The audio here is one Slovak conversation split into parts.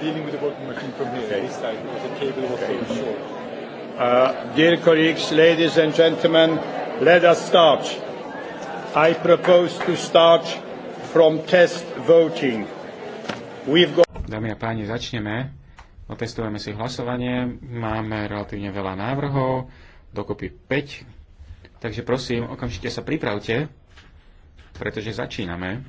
dealing with the working machine from here, okay. this side, the cable was okay. so short. Uh, dear colleagues, ladies and gentlemen, let us start. I propose to start from test voting. We've got... Dámy a páni, začneme. Otestujeme si hlasovanie. Máme relatívne veľa návrhov, dokopy 5. Takže prosím, okamžite sa pripravte, pretože začíname.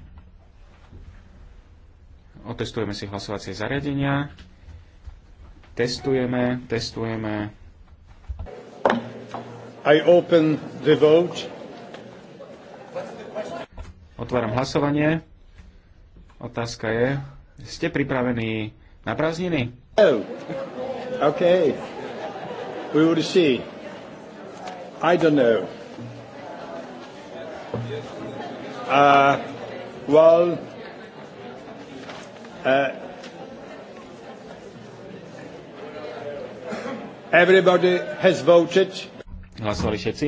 Otestujeme si hlasovacie zariadenia. Testujeme, testujeme. I open the vote. Otváram hlasovanie. Otázka je, ste pripravení na prázdniny? Oh. We will see. I don't know. Uh, well, Uh, everybody has voted. Hlasovali všetci?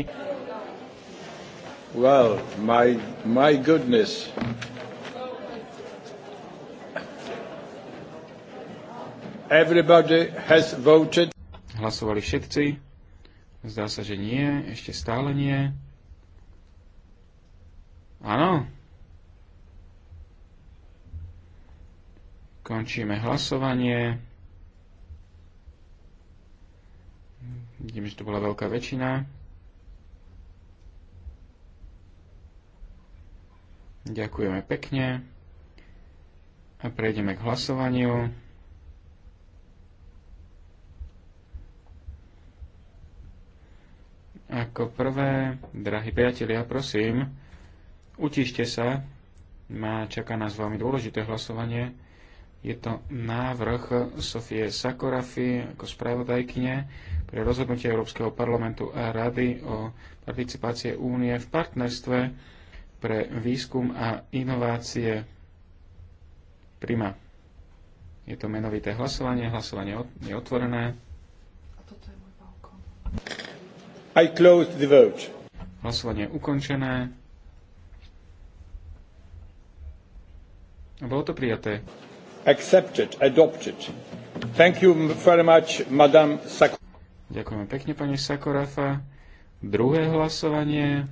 Well, my, my goodness. Everybody has voted. Hlasovali všetci? Zdá sa, že nie. Ešte stále nie. Áno. Končíme hlasovanie. Vidím, že to bola veľká väčšina. Ďakujeme pekne. A prejdeme k hlasovaniu. Ako prvé, drahí priatelia, prosím, utište sa. Má, čaká nás veľmi dôležité hlasovanie. Je to návrh Sofie Sakorafy ako spravodajkyne pre rozhodnutie Európskeho parlamentu a Rady o participácie únie v partnerstve pre výskum a inovácie Prima. Je to menovité hlasovanie, hlasovanie je otvorené. I closed the vote. Hlasovanie je ukončené. bolo to prijaté accepted, adopted. Thank you very much, Madam Sakura. Ďakujeme pekne, pani Sakorafa. Druhé hlasovanie.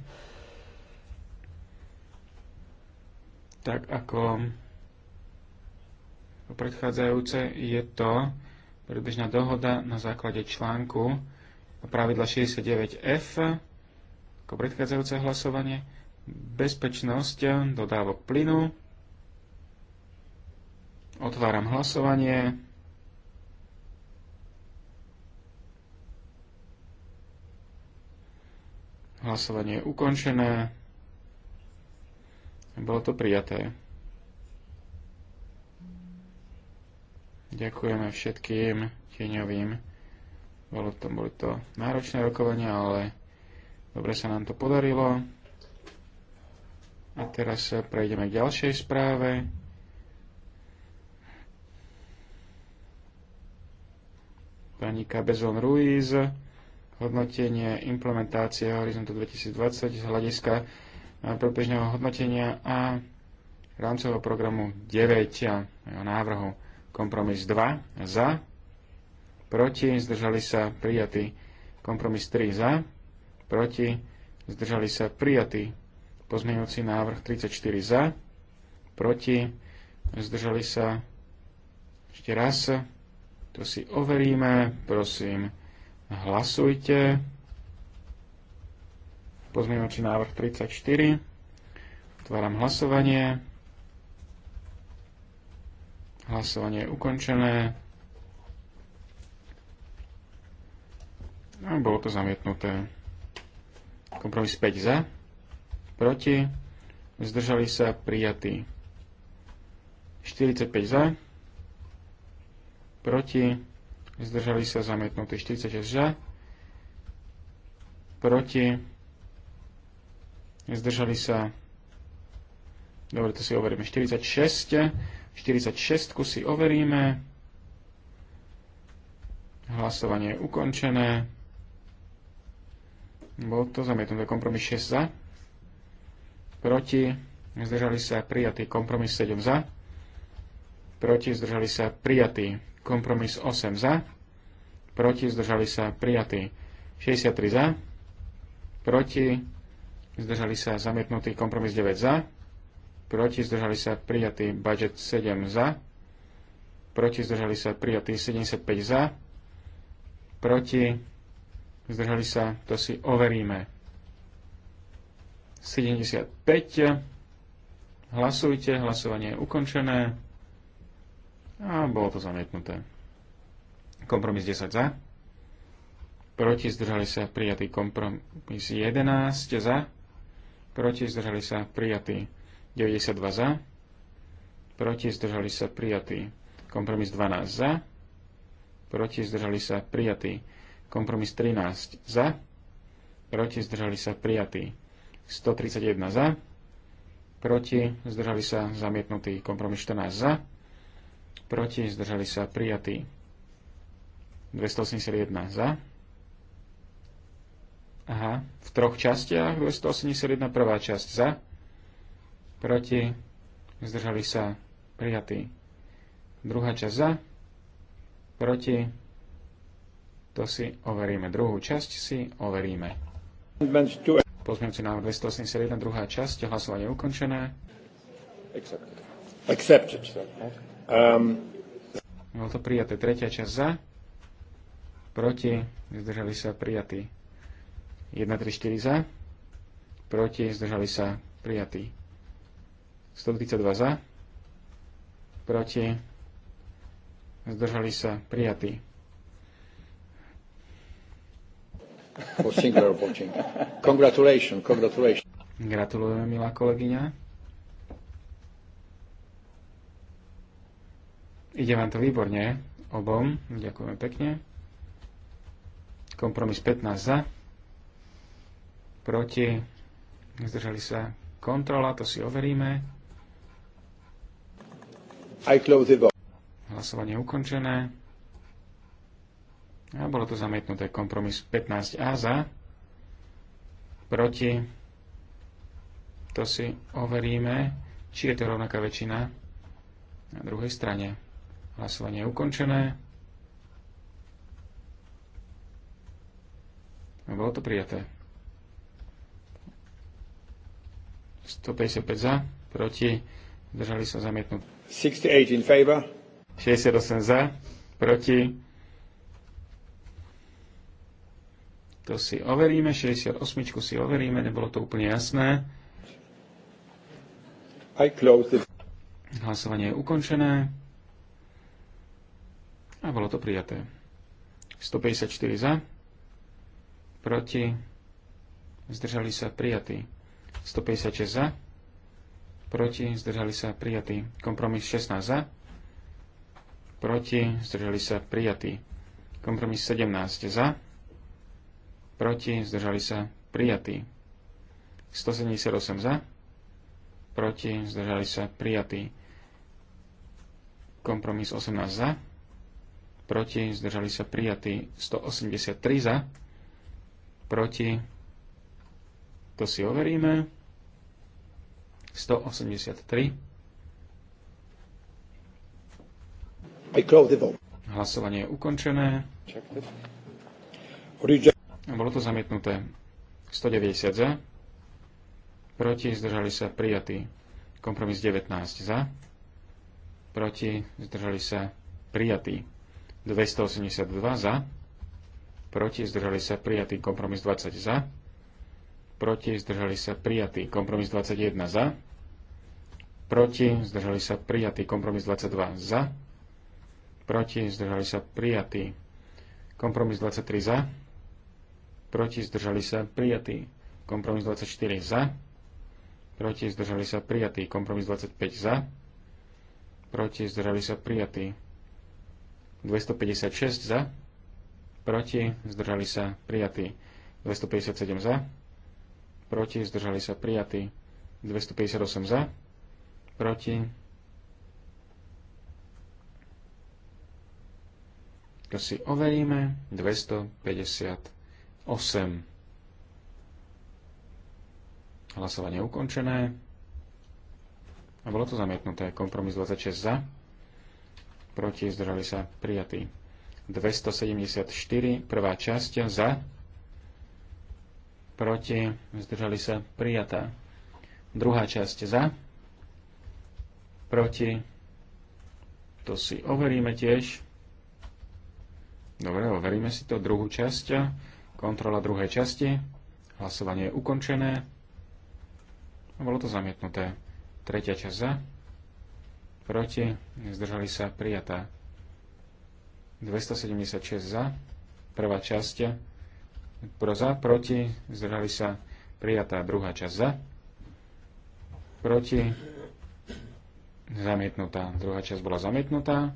Tak ako predchádzajúce je to predbežná dohoda na základe článku pravidla 69F ako predchádzajúce hlasovanie bezpečnosť dodávok plynu Otváram hlasovanie. Hlasovanie je ukončené. Bolo to prijaté. Ďakujeme všetkým tieňovým. Bolo to, boli to náročné rokovania, ale dobre sa nám to podarilo. A teraz prejdeme k ďalšej správe. pani Cabezon Ruiz, hodnotenie implementácie Horizontu 2020 z hľadiska eh, prebežného hodnotenia a rámcového programu 9 a jeho návrhu kompromis 2 za, proti, zdržali sa prijatý kompromis 3 za, proti, zdržali sa prijatý pozmeňujúci návrh 34 za, proti, zdržali sa ešte raz to si overíme. Prosím, hlasujte. Pozmeňujúci návrh 34. Otváram hlasovanie. Hlasovanie je ukončené. A bolo to zamietnuté. Kompromis 5 za, proti, zdržali sa prijatí. 45 za, proti, zdržali sa zamietnutí 46 za, proti, zdržali sa, dobre, to si overíme, 46, 46 si overíme, hlasovanie je ukončené, bol to zamietnuté kompromis 6 za, proti, zdržali sa prijatý kompromis 7 za, proti, zdržali sa prijatý Kompromis 8 za, proti, zdržali sa prijatí 63 za, proti, zdržali sa zamietnutý kompromis 9 za, proti, zdržali sa prijatý budget 7 za, proti, zdržali sa prijatý 75 za, proti, zdržali sa, to si overíme. 75, hlasujte, hlasovanie je ukončené. A bolo to zamietnuté. Kompromis 10 za. Proti zdržali sa prijatý kompromis 11 za. Proti zdržali sa prijatý 92 za. Proti zdržali sa prijatý kompromis 12 za. Proti zdržali sa prijatý kompromis 13 za. Proti zdržali sa prijatý 131 za. Proti zdržali sa zamietnutý kompromis 14 za proti, zdržali sa prijatí. 281 za. Aha, v troch častiach 281 prvá časť za, proti, zdržali sa prijatí. Druhá časť za, proti, to si overíme. Druhú časť si overíme. Pozmienci návrh 281, druhá časť, hlasovanie ukončené. Accepted. Accepted. Um... to prijaté. Tretia časť za. Proti. Zdržali sa prijatí. 1, 3, 4 za. Proti. Zdržali sa prijatí. 132 za. Proti. Zdržali sa prijatí. Počink, Gratulujem, milá kolegyňa. Ide vám to výborne, obom. Ďakujeme pekne. Kompromis 15 za. Proti. Zdržali sa kontrola, to si overíme. Hlasovanie ukončené. A bolo to zamietnuté kompromis 15A za. Proti. To si overíme, či je to rovnaká väčšina na druhej strane. Hlasovanie je ukončené. A bolo to prijaté. 155 za, proti, držali sa zamietnúť. 68 in favor. 68 za, proti. To si overíme, 68 si overíme, nebolo to úplne jasné. Hlasovanie je ukončené. A bolo to prijaté. 154 za, proti, zdržali sa prijatí. 156 za, proti, zdržali sa prijatí. Kompromis 16 za, proti, zdržali sa prijatí. Kompromis 17 za, proti, zdržali sa prijatí. 178 za, proti, zdržali sa prijatí. Kompromis 18 za, proti, zdržali sa prijatí 183 za, proti, to si overíme, 183. Hlasovanie je ukončené. Bolo to zamietnuté 190 za, proti, zdržali sa prijatí kompromis 19 za, proti, zdržali sa prijatí. 282 za, proti zdržali sa prijatý kompromis 20 za, proti zdržali sa prijatý kompromis 21 za, proti zdržali sa prijatý kompromis 22 za, proti zdržali sa prijatý kompromis 23 za, proti zdržali sa prijatý kompromis 24 za, proti zdržali sa prijatý kompromis 25 za, proti zdržali sa prijatý 256 za, proti, zdržali sa prijatí. 257 za, proti, zdržali sa prijatí. 258 za, proti. To si overíme. 258. Hlasovanie ukončené. A bolo to zamietnuté. Kompromis 26 za proti, zdržali sa prijatí. 274, prvá časť za, proti, zdrali sa prijatá. Druhá časť za, proti, to si overíme tiež. Dobre, overíme si to druhú časť. Kontrola druhej časti. Hlasovanie je ukončené. Bolo to zamietnuté. Tretia časť za proti, zdržali sa prijatá. 276 za, prvá časť, pro za, proti, zdržali sa prijatá druhá časť za, proti, zamietnutá. Druhá časť bola zamietnutá.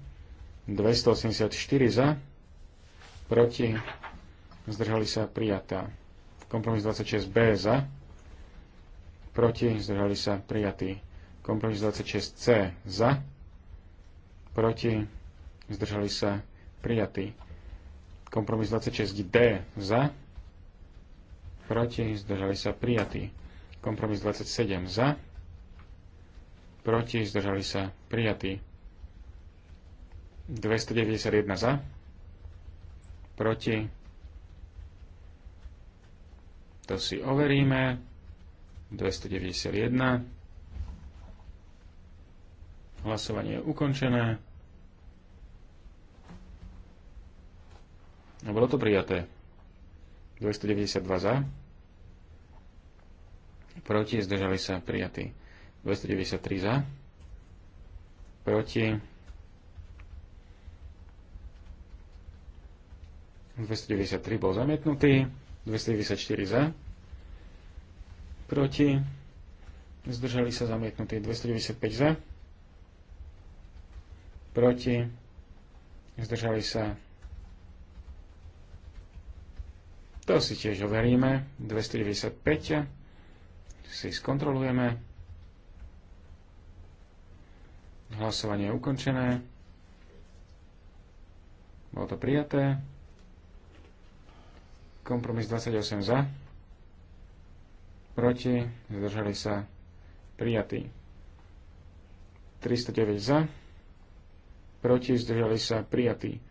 284 za, proti, zdržali sa prijatá. Kompromis 26b za, proti, zdržali sa prijatí. Kompromis 26C za, proti, zdržali sa prijatí. Kompromis 26D za, proti, zdržali sa prijatí. Kompromis 27 za, proti, zdržali sa prijatí. 291 za, proti, to si overíme, 291 Hlasovanie je ukončené. A bolo to prijaté. 292 za. Proti zdržali sa prijatí. 293 za. Proti. 293 bol zamietnutý. 294 za. Proti. Zdržali sa zamietnutí. 295 za proti, zdržali sa. To si tiež overíme. 295 si skontrolujeme. Hlasovanie je ukončené. Bolo to prijaté. Kompromis 28 za. Proti. Zdržali sa. Prijatý. 309 za proti, zdržali sa prijatí.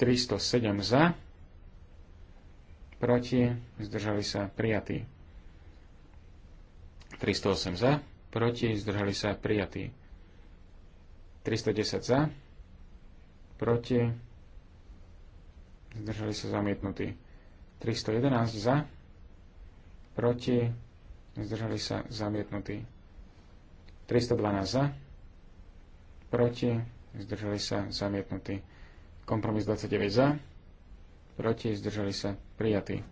307 za, proti, zdržali sa prijatí. 308 za, proti, zdržali sa prijatí. 310 za, proti, zdržali sa zamietnutí. 311 za, proti, zdržali sa zamietnutí. 312 za, proti, zdržali sa zamietnutí. Kompromis 29 za, proti, zdržali sa prijatí.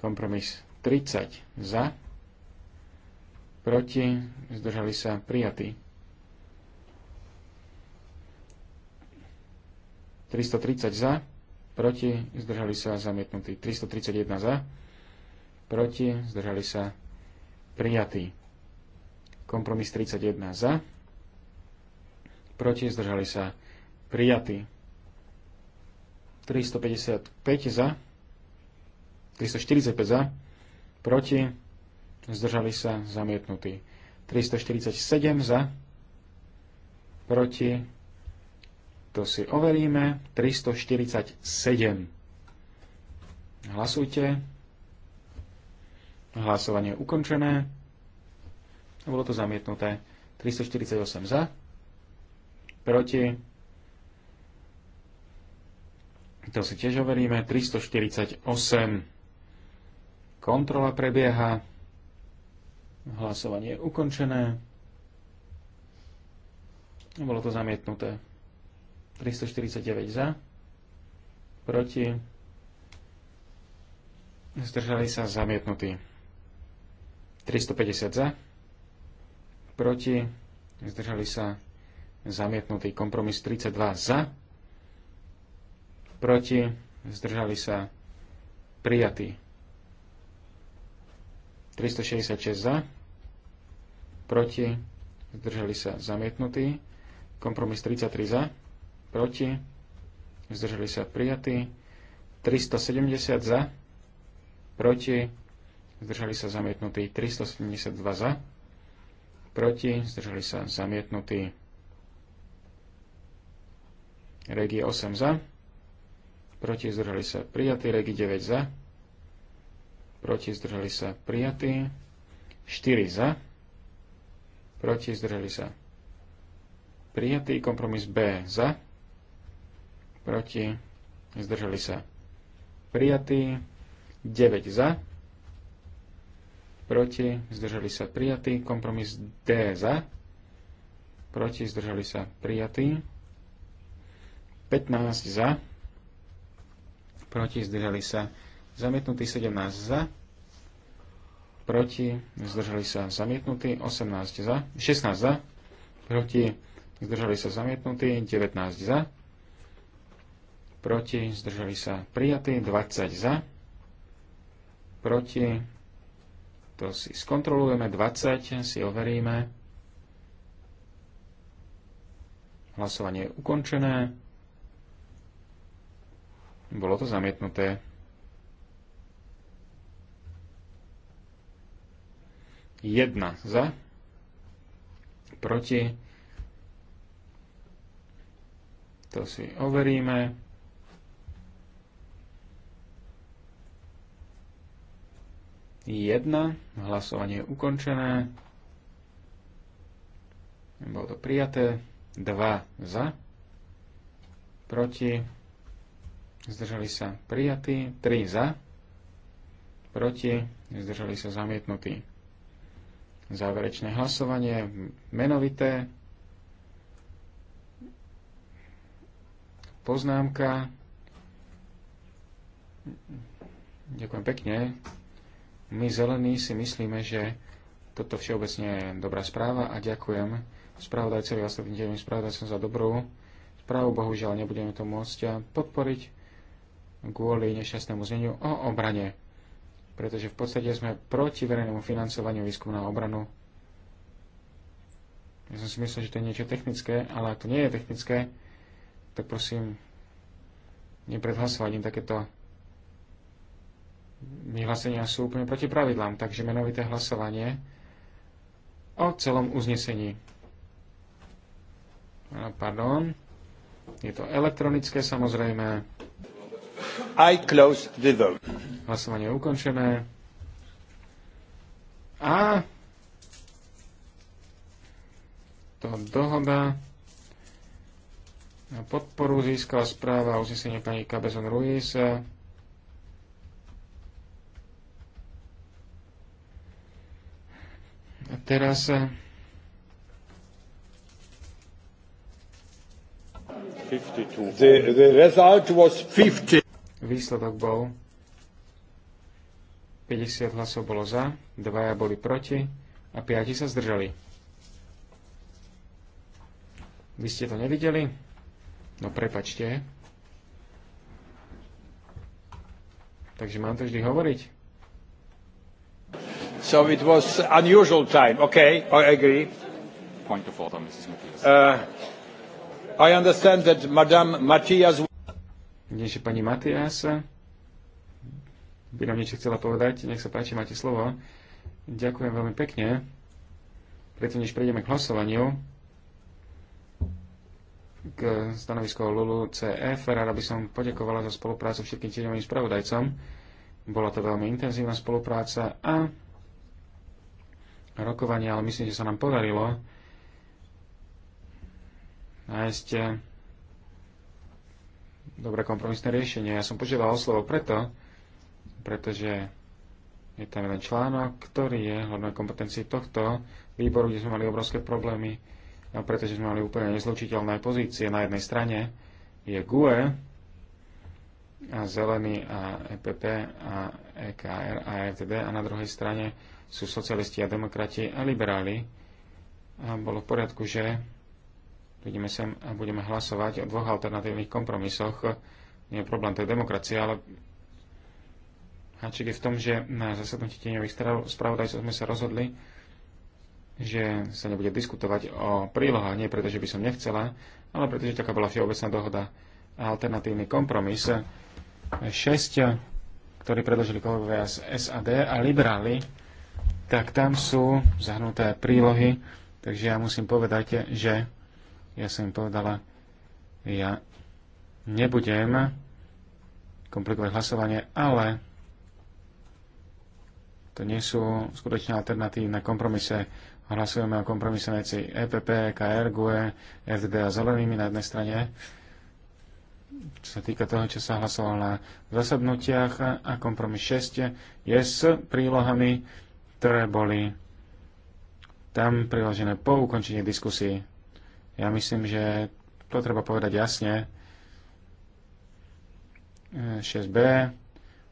Kompromis 30 za, proti, zdržali sa prijatí. 330 za, proti, zdržali sa zamietnutí. 331 za, proti, zdržali sa prijatí. Kompromis 31 za, proti, zdržali sa prijatí. 355 za, 345 za, proti, zdržali sa zamietnutí. 347 za, proti, to si overíme, 347. Hlasujte. Hlasovanie je ukončené. Bolo to zamietnuté. 348 za, proti. To si tiež overíme. 348. Kontrola prebieha. Hlasovanie je ukončené. Bolo to zamietnuté. 349 za. Proti. Zdržali sa zamietnutí. 350 za. Proti. Zdržali sa zamietnutý kompromis 32 za, proti, zdržali sa prijatí 366 za, proti, zdržali sa zamietnutí, kompromis 33 za, proti, zdržali sa prijatí 370 za, proti, zdržali sa zamietnutí 372 za, proti, zdržali sa zamietnutí Regi 8 za. Proti zdržali sa prijatí. Regi 9 za. Proti zdržali sa prijatí. 4 za. Proti zdržali sa prijatý. Kompromis B za. Proti zdržali sa prijatí. 9 za. Proti zdržali sa prijatí. Kompromis D za. Proti zdržali sa prijatí. 15 za, proti zdržali sa zamietnutí 17 za, proti zdržali sa zamietnutí 18 za, 16 za, proti zdržali sa zamietnutí 19 za, proti zdržali sa prijatí 20 za, proti to si skontrolujeme 20, si overíme. Hlasovanie je ukončené. Bolo to zamietnuté. Jedna za, proti, to si overíme. Jedna, hlasovanie je ukončené, bolo to prijaté, dva za, proti, zdržali sa prijatí, 3 za, proti, zdržali sa zamietnutí. Záverečné hlasovanie menovité. Poznámka. Ďakujem pekne. My zelení si myslíme, že toto všeobecne je dobrá správa a ďakujem spravodajcovi a ostatným spravodajcom za dobrú správu. Bohužiaľ nebudeme to môcť podporiť kvôli nešťastnému zneniu o obrane. Pretože v podstate sme proti verejnému financovaniu výskumu na obranu. Ja som si myslel, že to je niečo technické, ale ak to nie je technické, tak prosím, nepred hlasovaním takéto vyhlásenia sú úplne proti pravidlám, takže menovité hlasovanie o celom uznesení. Pardon, je to elektronické samozrejme. I close the vote. Hlasovanie je ukončené. A to dohoda na podporu získala správa uznesenie pani Cabezon Ruiz. A teraz The, the result was 50. Výsledok bol 50 hlasov bolo za, dvaja boli proti a piati sa zdržali. Vy ste to nevideli? No prepačte. Takže mám to vždy hovoriť? So it was unusual time. Okay, I agree. Point of order, Mrs. Matthias. Uh, I understand that Madame Matthias... Dnešie pani Matias by nám niečo chcela povedať. Nech sa páči, máte slovo. Ďakujem veľmi pekne. Preto, než prejdeme k hlasovaniu, k stanovisku Lulu CF. Rada by som poďakovala za spoluprácu všetkým tieňovým spravodajcom. Bola to veľmi intenzívna spolupráca a rokovanie, ale myslím, že sa nám podarilo nájsť dobré kompromisné riešenie. Ja som požiadal o slovo preto, pretože je tam jeden článok, ktorý je hlavné kompetencii tohto výboru, kde sme mali obrovské problémy, pretože sme mali úplne nezlučiteľné pozície. Na jednej strane je GUE, a Zelený a EPP a EKR a FTD e a na druhej strane sú socialisti a demokrati a liberáli. A bolo v poriadku, že Prídeme sem a budeme hlasovať o dvoch alternatívnych kompromisoch. Nie je problém, to je demokracia, ale háčik je v tom, že na zasadnutí tieňových spravodajcov sme sa rozhodli, že sa nebude diskutovať o prílohách, nie preto, že by som nechcela, ale pretože taká bola všeobecná dohoda a alternatívny kompromis. 6, ktorý predložili kolegovia z SAD a liberáli, tak tam sú zahnuté prílohy, takže ja musím povedať, že ja som im povedala, ja nebudem komplikovať hlasovanie, ale to nie sú skutočne alternatívne kompromise. Hlasujeme o kompromise medzi EPP, KR, GUE, FD a zelenými na jednej strane. Čo sa týka toho, čo sa hlasovalo na zasadnutiach a kompromis 6 je s prílohami, ktoré boli tam priložené po ukončení diskusí. Ja myslím, že to treba povedať jasne. 6b,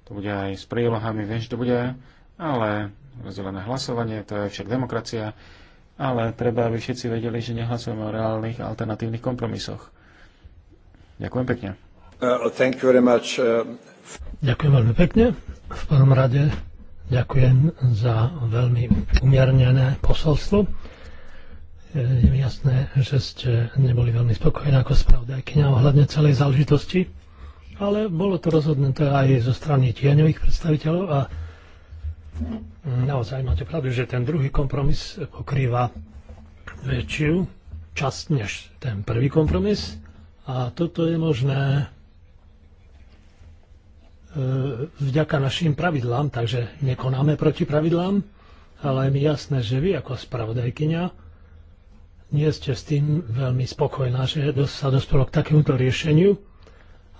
to bude aj s prílohami, viem, že to bude, ale rozdelené hlasovanie, to je však demokracia, ale treba, aby všetci vedeli, že nehlasujeme o reálnych alternatívnych kompromisoch. Ďakujem pekne. Uh, thank you very much. Uh... Ďakujem veľmi pekne. V prvom rade ďakujem za veľmi umiernené posolstvo je mi jasné, že ste neboli veľmi spokojní ako spravodajkyňa ohľadne celej záležitosti, ale bolo to rozhodnuté aj zo strany tieňových predstaviteľov a mm, naozaj máte pravdu, že ten druhý kompromis pokrýva väčšiu časť než ten prvý kompromis a toto je možné e, vďaka našim pravidlám, takže nekonáme proti pravidlám, ale je mi jasné, že vy ako spravodajkyňa nie ste s tým veľmi spokojná, že sa dospelo k takémuto riešeniu,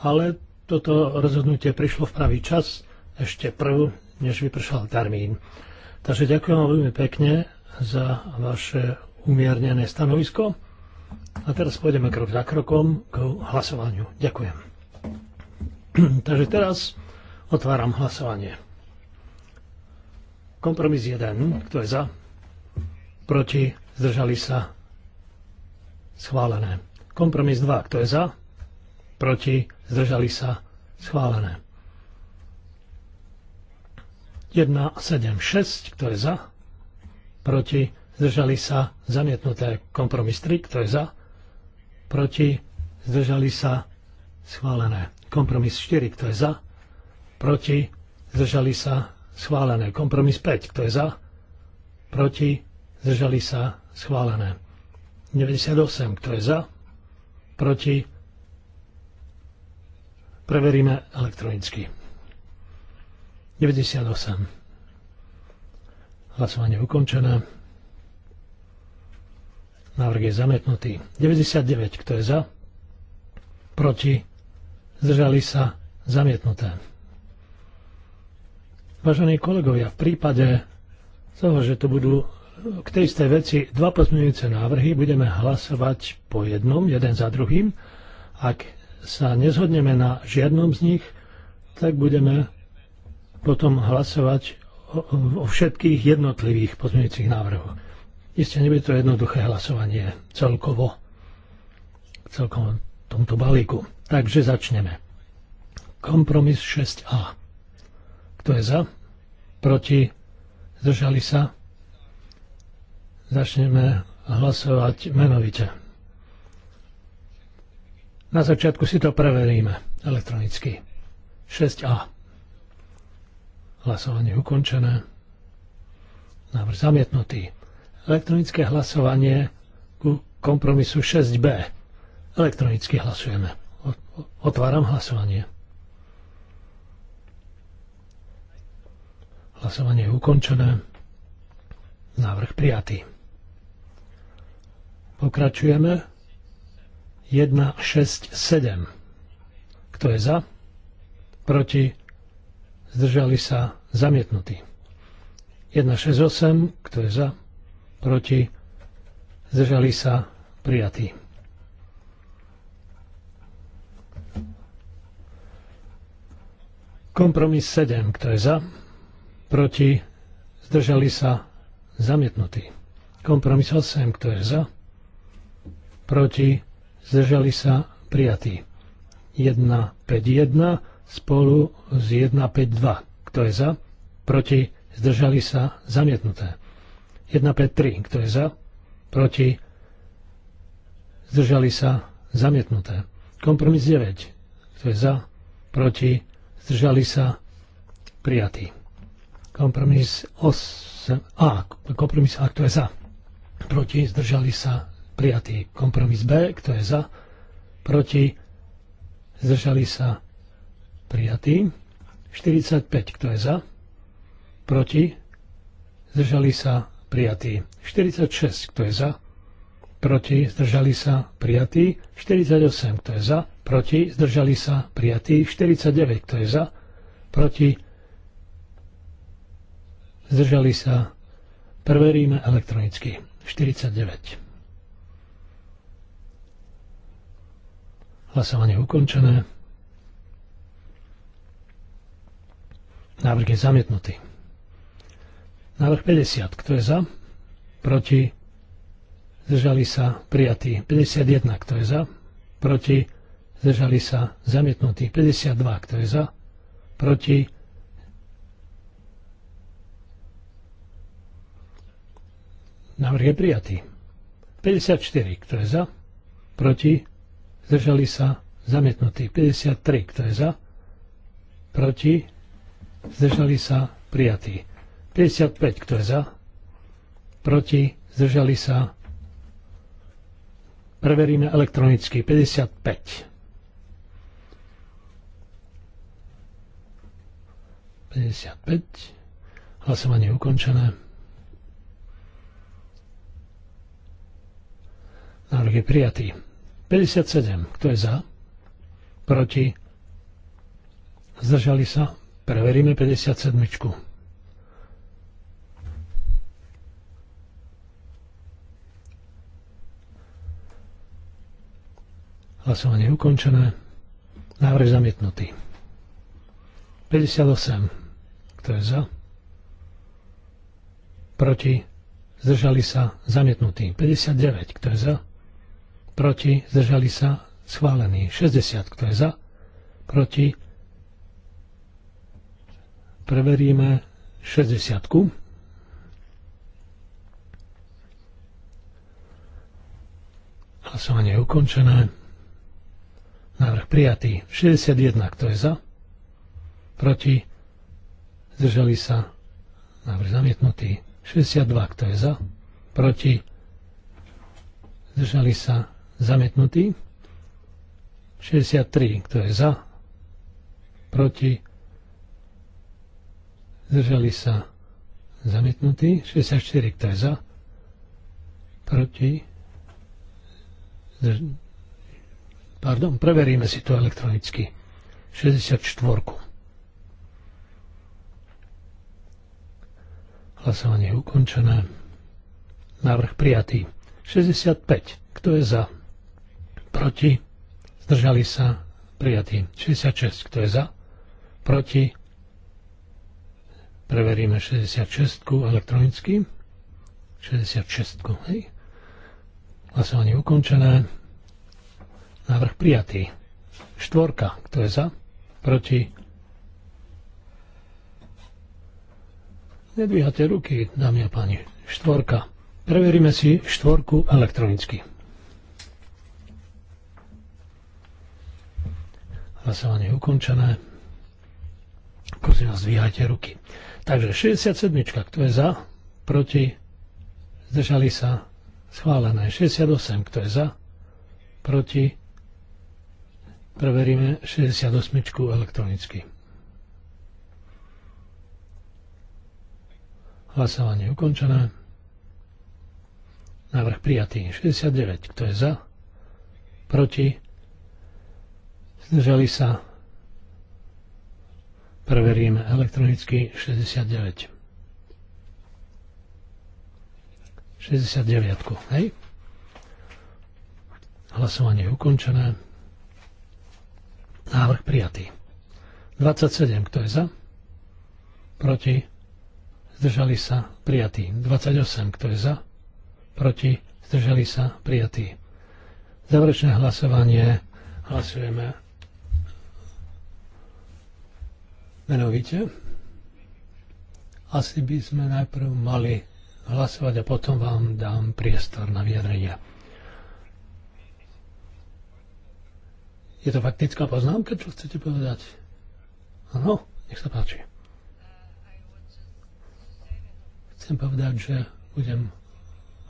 ale toto rozhodnutie prišlo v pravý čas, ešte prv, než vypršal termín. Takže ďakujem vám veľmi pekne za vaše umiernené stanovisko. A teraz pôjdeme krok za krokom k hlasovaniu. Ďakujem. Takže teraz otváram hlasovanie. Kompromis 1. Kto je za? Proti? Zdržali sa? Schválené. Kompromis 2. Kto je za? Proti? Zdržali sa? Schválené. 1, 7, 6. Kto je za? Proti? Zdržali sa? Zamietnuté. Kompromis 3. Kto je za? Proti? Zdržali sa? Schválené. Kompromis 4. Kto je za? Proti? Zdržali sa? Schválené. Kompromis 5. Kto je za? Proti? Zdržali sa? Schválené. 98. Kto je za? Proti? Preveríme elektronicky. 98. Hlasovanie ukončené. Návrh je zametnutý. 99. Kto je za? Proti? Zdržali sa? Zamietnuté. Vážení kolegovia, v prípade toho, že tu budú k tej istej veci dva pozmeňujúce návrhy. Budeme hlasovať po jednom, jeden za druhým. Ak sa nezhodneme na žiadnom z nich, tak budeme potom hlasovať o, o všetkých jednotlivých pozmeňujúcich návrhoch. Isté nebude to jednoduché hlasovanie celkovo, celkom tomto balíku. Takže začneme. Kompromis 6a. Kto je za? Proti? Zdržali sa? Začneme hlasovať menovite. Na začiatku si to preveríme elektronicky. 6a. Hlasovanie ukončené. Návrh zamietnutý. Elektronické hlasovanie ku kompromisu 6b. Elektronicky hlasujeme. Otváram hlasovanie. Hlasovanie je ukončené. Návrh prijatý. Pokračujeme. 1, 6, 7. Kto je za? Proti? Zdržali sa? Zamietnutí. 1, 6, 8. Kto je za? Proti? Zdržali sa? Prijatí. Kompromis 7. Kto je za? Proti? Zdržali sa? Zamietnutí. Kompromis 8. Kto je za? proti, zdržali sa prijatí. 151 spolu s 152. Kto je za? Proti, zdržali sa zamietnuté. 153. Kto je za? Proti, zdržali sa zamietnuté. Kompromis 9. Kto je za? Proti, zdržali sa prijatí. Kompromis 8. A, kompromis A, kto je za? Proti, zdržali sa prijatý. Kompromis B, kto je za, proti, zdržali sa, prijatý. 45, kto je za, proti, zdržali sa, prijatý. 46, kto je za, proti, zdržali sa, prijatý. 48, kto je za, proti, zdržali sa, prijatý. 49, kto je za, proti, zdržali sa, preveríme elektronicky. 49. Hlasovanie ukončené. Návrh je zamietnutý. Návrh 50. Kto je za? Proti? Zdržali sa prijatí. 51. Kto je za? Proti? Zdržali sa zamietnutí. 52. Kto je za? Proti? Návrh je prijatý. 54. Kto je za? Proti? zdržali sa, zamietnutí. 53, kto je za, proti, zdržali sa, prijatí. 55, kto je za, proti, zdržali sa, preveríme elektronicky, 55. 55. Hlasovanie je ukončené. Návrh je prijatý. 57. Kto je za? Proti? Zdržali sa? Preveríme 57. Hlasovanie je ukončené. Návrh zamietnutý. 58. Kto je za? Proti? Zdržali sa? Zamietnutý. 59. Kto je za? proti, zdržali sa, schválený. 60, kto je za, proti, preveríme 60. -ku. Hlasovanie je ukončené. Návrh prijatý. 61, kto je za? Proti? Zdržali sa. Návrh zamietnutý. 62, kto je za? Proti? Zdržali sa zametnutý. 63, kto je za, proti, zdržali sa, zamietnutý. 64, kto je za, proti, zdrž... pardon, preveríme si to elektronicky. 64. Hlasovanie je ukončené. Návrh prijatý. 65. Kto je za? proti, zdržali sa, prijatí. 66, kto je za, proti, preveríme 66 elektronicky. 66, hej. Hlasovanie ukončené. Návrh prijatý. Štvorka, kto je za, proti. Nedvíhate ruky, dámy a páni. Štvorka. Preveríme si štvorku elektronicky. Hlasovanie je ukončené. Prosím vás, zvíhajte ruky. Takže 67. Kto je za? Proti? Zdržali sa? Schválené. 68. Kto je za? Proti? Preveríme 68. elektronicky. Hlasovanie je ukončené. Návrh prijatý. 69. Kto je za? Proti? Zdržali sa. Preveríme elektronicky 69. 69, hej? Hlasovanie je ukončené. Návrh prijatý. 27, kto je za? Proti? Zdržali sa? Prijatý. 28, kto je za? Proti? Zdržali sa? Prijatý. Záverečné hlasovanie. Hlasujeme menovite. Asi by sme najprv mali hlasovať a potom vám dám priestor na vyjadrenia. Je to faktická poznámka, čo chcete povedať? Áno, nech sa páči. Chcem povedať, že budem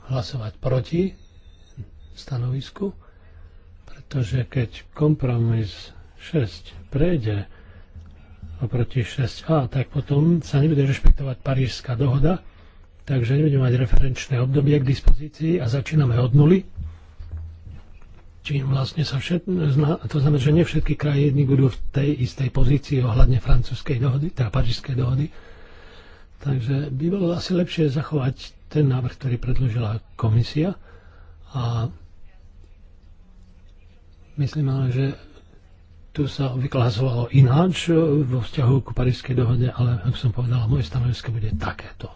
hlasovať proti stanovisku, pretože keď kompromis 6 prejde, oproti 6a, tak potom sa nebude rešpektovať Parížská dohoda, takže nebudeme mať referenčné obdobie k dispozícii a začíname od nuly. Čím vlastne sa všet... to znamená, že všetky krajiny budú v tej istej pozícii ohľadne francúzskej dohody, teda Parížskej dohody. Takže by bolo asi lepšie zachovať ten návrh, ktorý predložila komisia a myslím ale, že tu sa obvykle ináč e, vo vzťahu k Parískej dohode, ale ako som povedala, moje stanovisko bude takéto.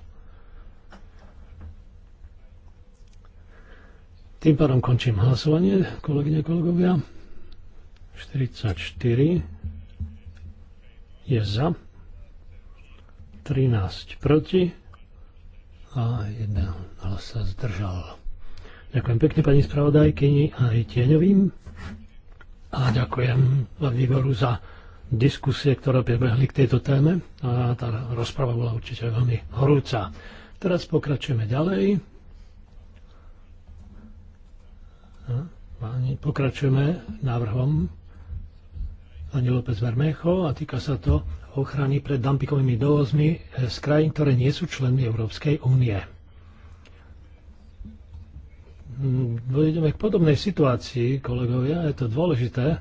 Tým pádom končím hlasovanie, kolegyne, kolegovia. 44 je za, 13 proti a 1 hlas sa zdržal. Ďakujem pekne pani spravodajkyni aj tieňovým a ďakujem výboru za diskusie, ktoré prebehli k tejto téme a tá rozprava bola určite veľmi horúca. Teraz pokračujeme ďalej. pokračujeme návrhom pani López Vermecho a týka sa to ochrany pred dumpingovými dovozmi z krajín, ktoré nie sú členmi Európskej únie dojdeme k podobnej situácii, kolegovia, je to dôležité.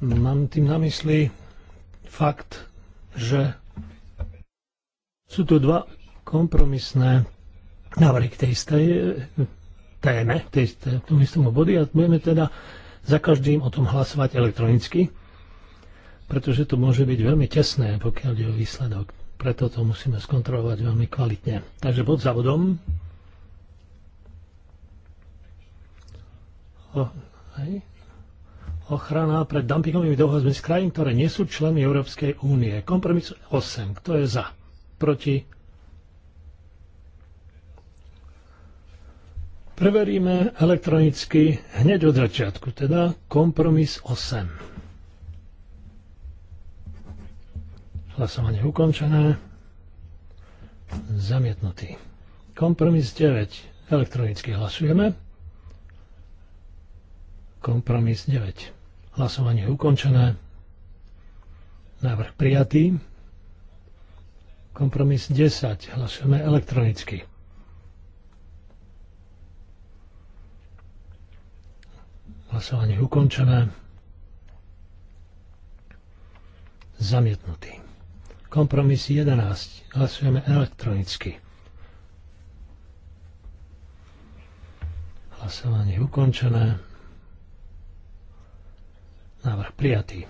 Mám tým na mysli fakt, že sú tu dva kompromisné návrhy k tej istej téme, k tej isté, k tomu istému body a budeme teda za každým o tom hlasovať elektronicky, pretože to môže byť veľmi tesné, pokiaľ je o výsledok. Preto to musíme skontrolovať veľmi kvalitne. Takže bod za bodom ochrana pred dumpingovými dohodmi z krajín, ktoré nie sú členmi Európskej únie. Kompromis 8. Kto je za? Proti? Preveríme elektronicky hneď od začiatku, teda kompromis 8. Hlasovanie ukončené. Zamietnutý. Kompromis 9. Elektronicky hlasujeme. Kompromis 9. Hlasovanie je ukončené. Návrh prijatý. Kompromis 10. Hlasujeme elektronicky. Hlasovanie ukončené. Zamietnutý. Kompromis 11. Hlasujeme elektronicky. Hlasovanie ukončené. Návrh prijatý.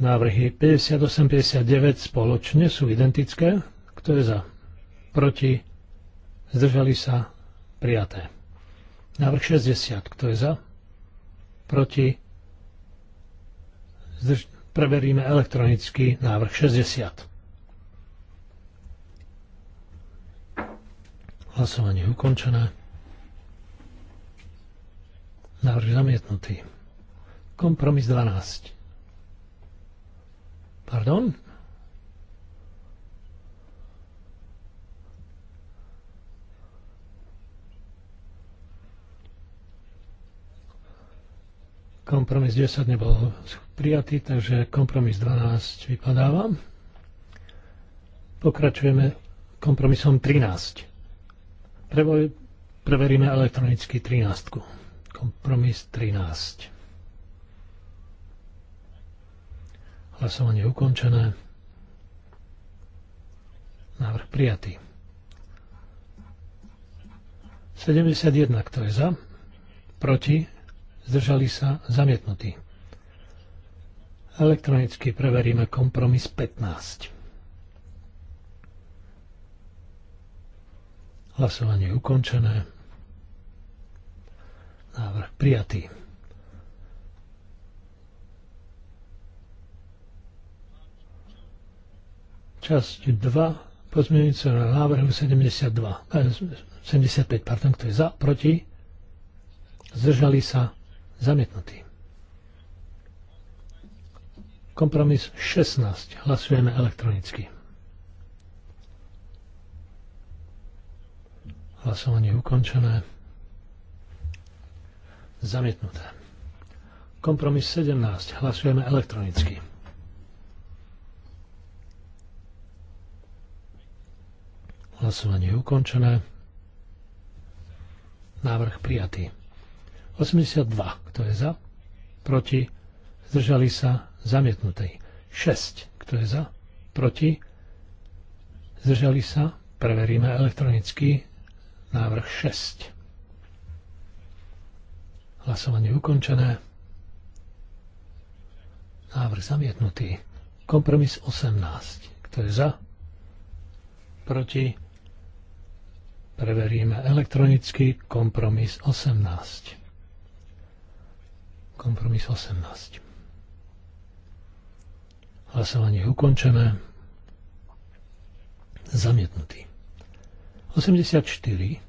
Návrhy 58-59 spoločne sú identické. Kto je za? Proti? Zdržali sa? Prijaté. Návrh 60. Kto je za? Proti? Zdrž... Preveríme elektronicky návrh 60. Hlasovanie ukončené. Návrh zamietnutý. Kompromis 12. Pardon? Kompromis 10 nebol prijatý, takže kompromis 12 vypadáva. Pokračujeme kompromisom 13. Preveríme elektronicky 13. Kompromis 13. Hlasovanie ukončené. Návrh prijatý. 71, kto je za? Proti? Zdržali sa? Zamietnutí. Elektronicky preveríme kompromis 15. Hlasovanie ukončené. Návrh prijatý. Časť 2 na návrhu 72. 75, pardon, kto je za, proti, zdržali sa, zamietnutí. Kompromis 16. Hlasujeme elektronicky. Hlasovanie ukončené. Zamietnuté. Kompromis 17. Hlasujeme elektronicky. Hlasovanie je ukončené. Návrh prijatý. 82. Kto je za? Proti? Zdržali sa? Zamietnutý. 6. Kto je za? Proti? Zdržali sa? Preveríme elektronicky návrh 6. Hlasovanie ukončené. Návrh zamietnutý. Kompromis 18. Kto je za? Proti? Preveríme elektronicky kompromis 18. Kompromis 18. Hlasovanie ukončené. Zamietnutý. 84.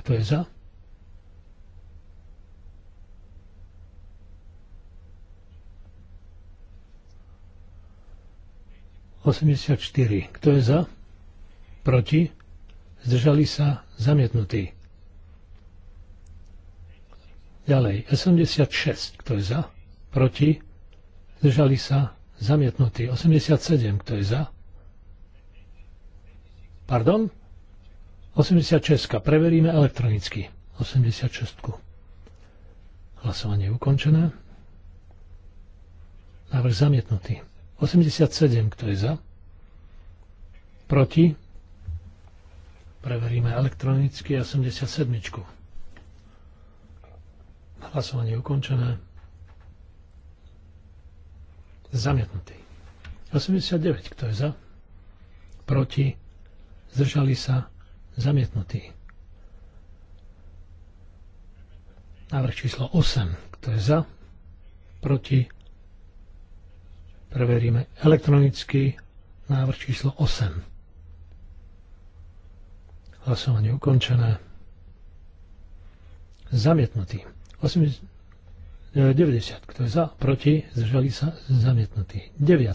Kto je za? 84. Kto je za? Proti? Zdržali sa zamietnutí. Ďalej. 86. Kto je za? Proti? Zdržali sa zamietnutí. 87. Kto je za? Pardon? 86. Preveríme elektronicky. 86. Hlasovanie je ukončené. Návrh zamietnutý. 87, kto je za? Proti? Preveríme elektronicky 87. Hlasovanie ukončené. Zamietnutý. 89, kto je za? Proti? Zdržali sa? Zamietnutý. Návrh číslo 8, kto je za? Proti? Preveríme elektronicky návrh číslo 8. Hlasovanie ukončené. Zamietnutý. 8, 90. E, Kto je za, proti, zdržali sa, zamietnutý. 9.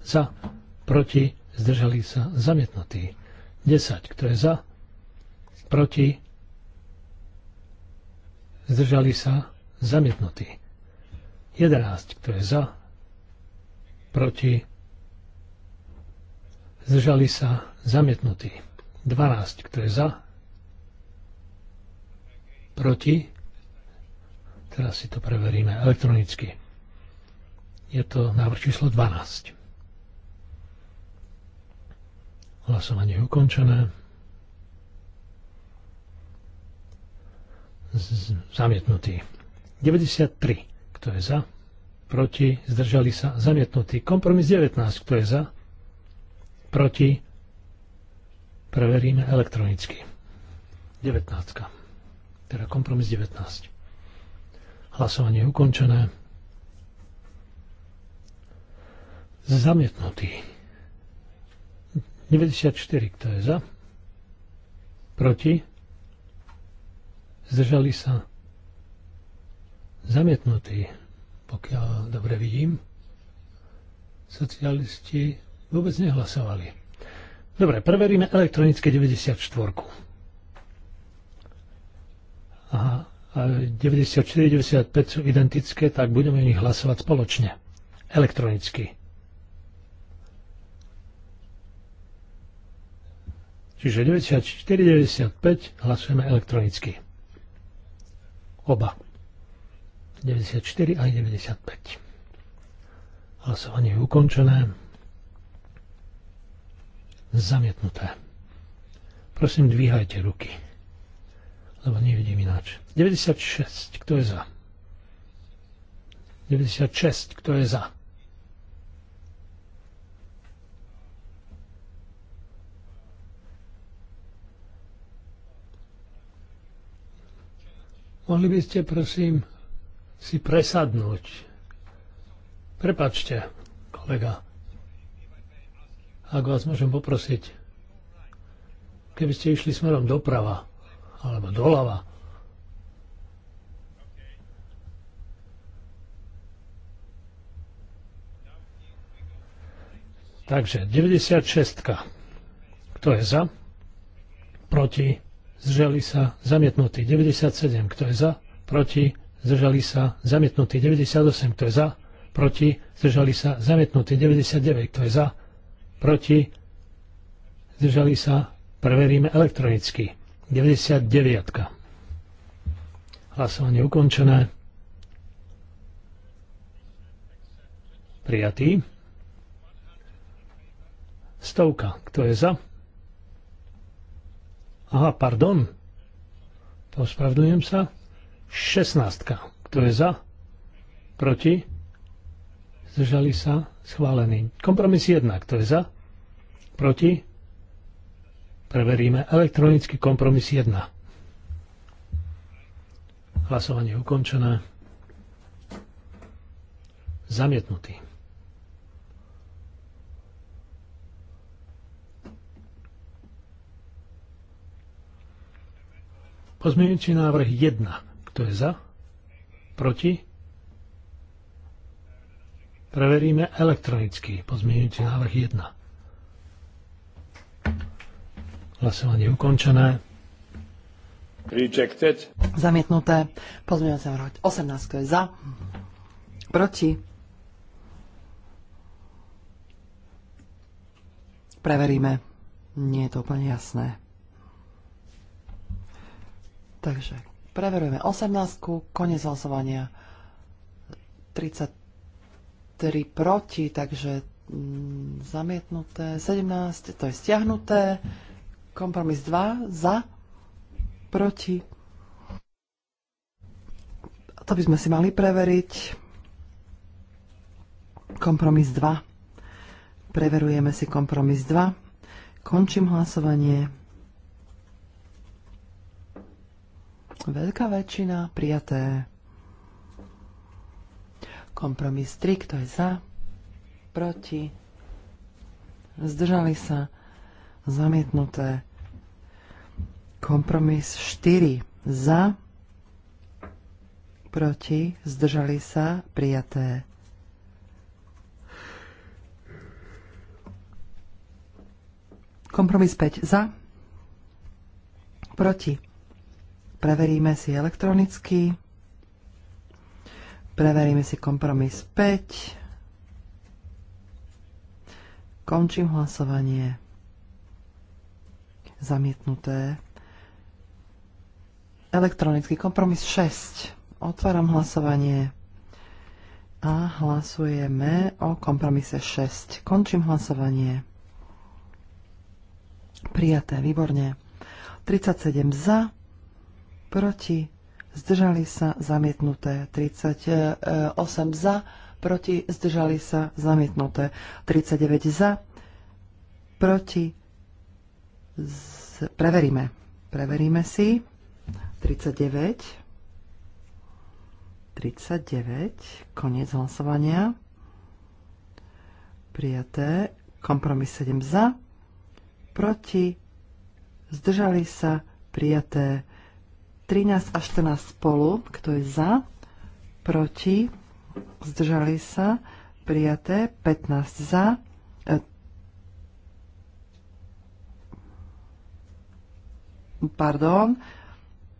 Za, proti, zdržali sa, zamietnutý. 10. Kto je za, proti, zdržali sa, zamietnutý. 11. Kto je za, proti, zdržali sa zamietnutí. 12, kto je za, proti, teraz si to preveríme elektronicky. Je to návrh číslo 12. Hlasovanie je ukončené. Z zamietnutý. 93. Kto je za? proti, zdržali sa, zamietnutý. Kompromis 19, kto je za, proti, preveríme elektronicky. 19. Teda kompromis 19. Hlasovanie je ukončené. Zamietnutý. 94, kto je za? Proti? Zdržali sa? Zamietnutý pokiaľ dobre vidím. Socialisti vôbec nehlasovali. Dobre, preveríme elektronické 94. Aha, a 94, 95 sú identické, tak budeme o nich hlasovať spoločne. Elektronicky. Čiže 94, 95 hlasujeme elektronicky. Oba. 94 aj 95. Hlasovanie je ukončené. Zamietnuté. Prosím, dvíhajte ruky, lebo nevidím ináč. 96, kto je za? 96, kto je za? Mohli by ste, prosím, si presadnúť. Prepačte, kolega, ak vás môžem poprosiť, keby ste išli smerom doprava alebo doľava, Takže 96. Kto je za? Proti? Zželi sa? Zamietnutý. 97. Kto je za? Proti? zdržali sa, zamietnutí 98, kto je za, proti, zdržali sa, zamietnutí 99, kto je za, proti, zdržali sa, preveríme elektronicky. 99. Hlasovanie ukončené. Prijatý. Stovka. Kto je za? Aha, pardon. Pospravdujem sa. 16. Kto je za? Proti? Zdržali sa? Schválený. Kompromis 1. Kto je za? Proti? Preveríme elektronický kompromis 1. Hlasovanie ukončené. Zamietnutý. Pozmienujúci návrh 1. Kto je za? Proti? Preveríme elektronicky pozmienujúci návrh 1. Hlasovanie ukončené. Rejected. Zamietnuté. Pozmienujúci návrh 18. Kto je za? Proti? Preveríme. Nie je to úplne jasné. Takže Preverujeme 18, koniec hlasovania. 33 proti, takže mm, zamietnuté. 17, to je stiahnuté. Kompromis 2, za, proti. To by sme si mali preveriť. Kompromis 2. Preverujeme si kompromis 2. Končím hlasovanie. Veľká väčšina prijaté. Kompromis 3, kto je za? Proti? Zdržali sa? Zamietnuté. Kompromis 4, za? Proti? Zdržali sa? Prijaté. Kompromis 5, za? Proti? Preveríme si elektronicky. Preveríme si kompromis 5. Končím hlasovanie. Zamietnuté. Elektronický kompromis 6. Otváram hlasovanie. A hlasujeme o kompromise 6. Končím hlasovanie. Prijaté, výborne. 37 za, proti, zdržali sa zamietnuté 38 za, proti, zdržali sa zamietnuté 39 za, proti, z... preveríme, preveríme si 39 39, koniec hlasovania. Prijaté, kompromis 7 za, proti, zdržali sa, prijaté 13 až 14 spolu. Kto je za? Proti? Zdržali sa? Prijaté. 15 za. E,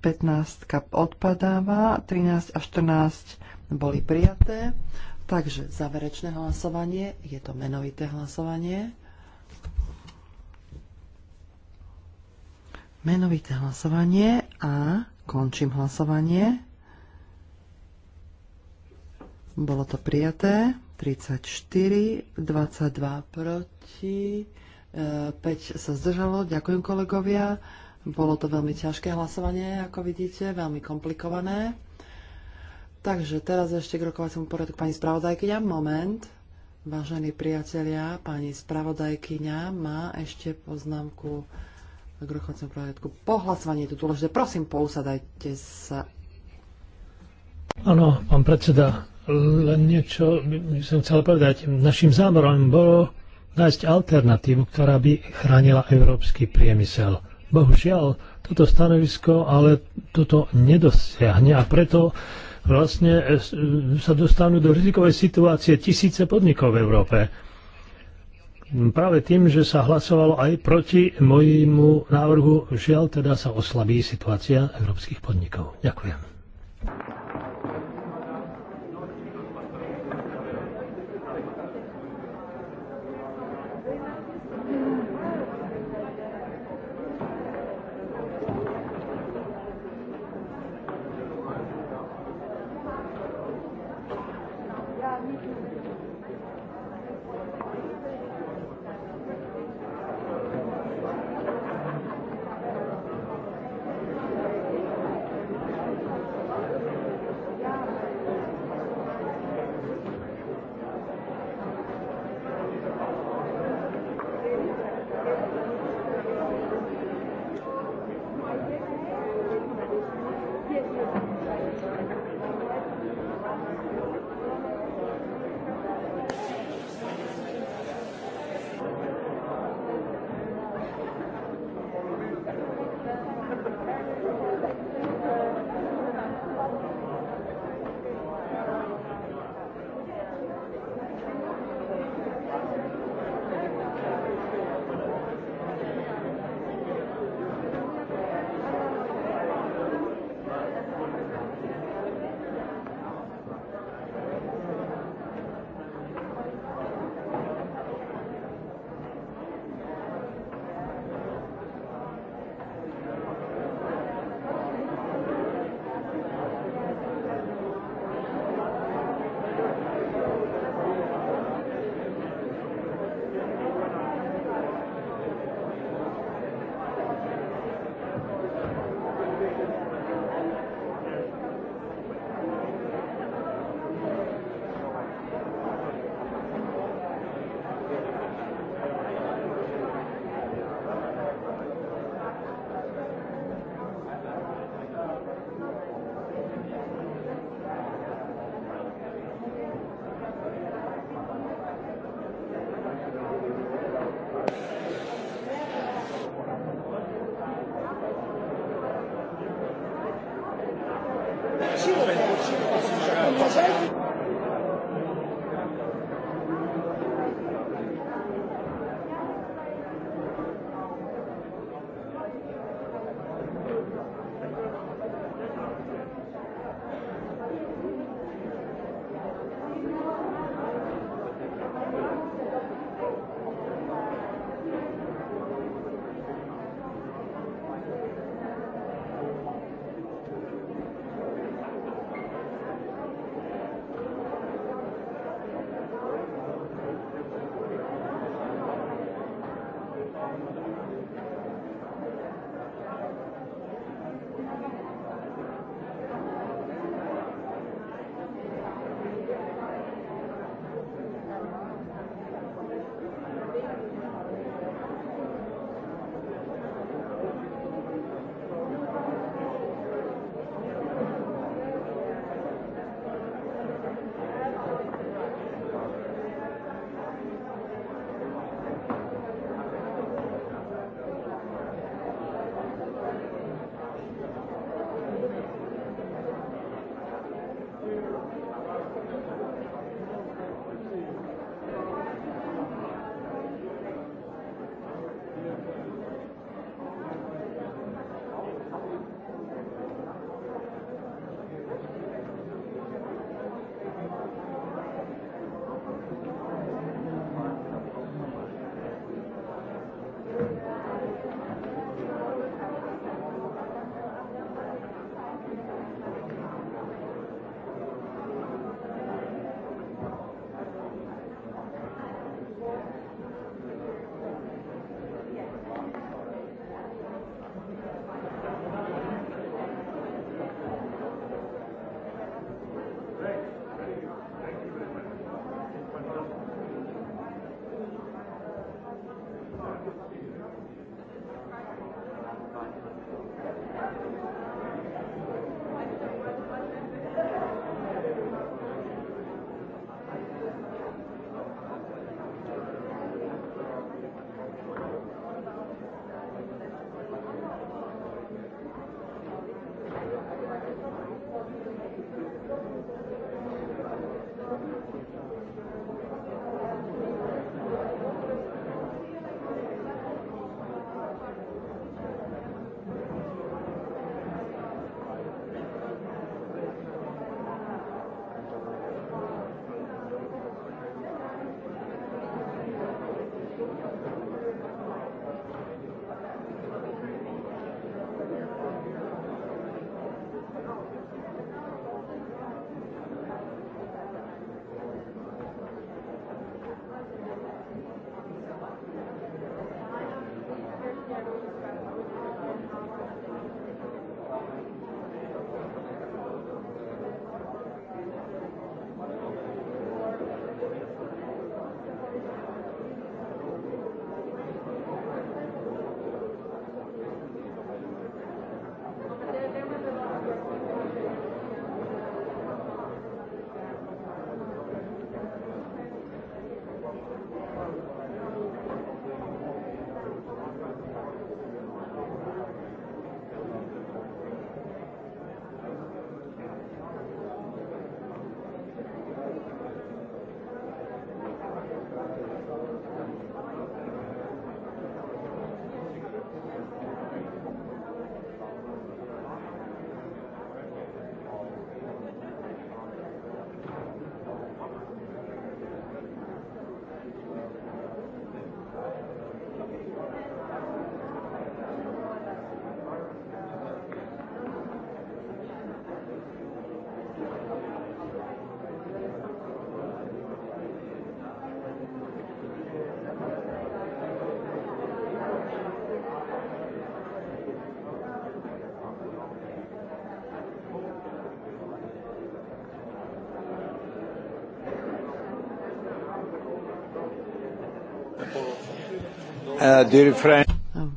15 odpadáva, 13 a 14 boli prijaté. Takže záverečné hlasovanie, je to menovité hlasovanie. Menovité hlasovanie a Končím hlasovanie. Bolo to prijaté. 34, 22 proti, 5 e, sa zdržalo. Ďakujem kolegovia. Bolo to veľmi ťažké hlasovanie, ako vidíte, veľmi komplikované. Takže teraz ešte k rokovaciemu poriadku pani spravodajkyňa. Moment. Vážení priatelia, pani spravodajkyňa má ešte poznámku k rokovacom poriadku. Po hlasovaní je to dôležité. Prosím, pousadajte sa. Áno, pán predseda, len niečo by som chcel povedať. Našim zámerom bolo nájsť alternatívu, ktorá by chránila európsky priemysel. Bohužiaľ, toto stanovisko ale toto nedosiahne a preto vlastne sa dostanú do rizikovej situácie tisíce podnikov v Európe práve tým, že sa hlasovalo aj proti môjmu návrhu, žiaľ teda sa oslabí situácia európskych podnikov. Ďakujem.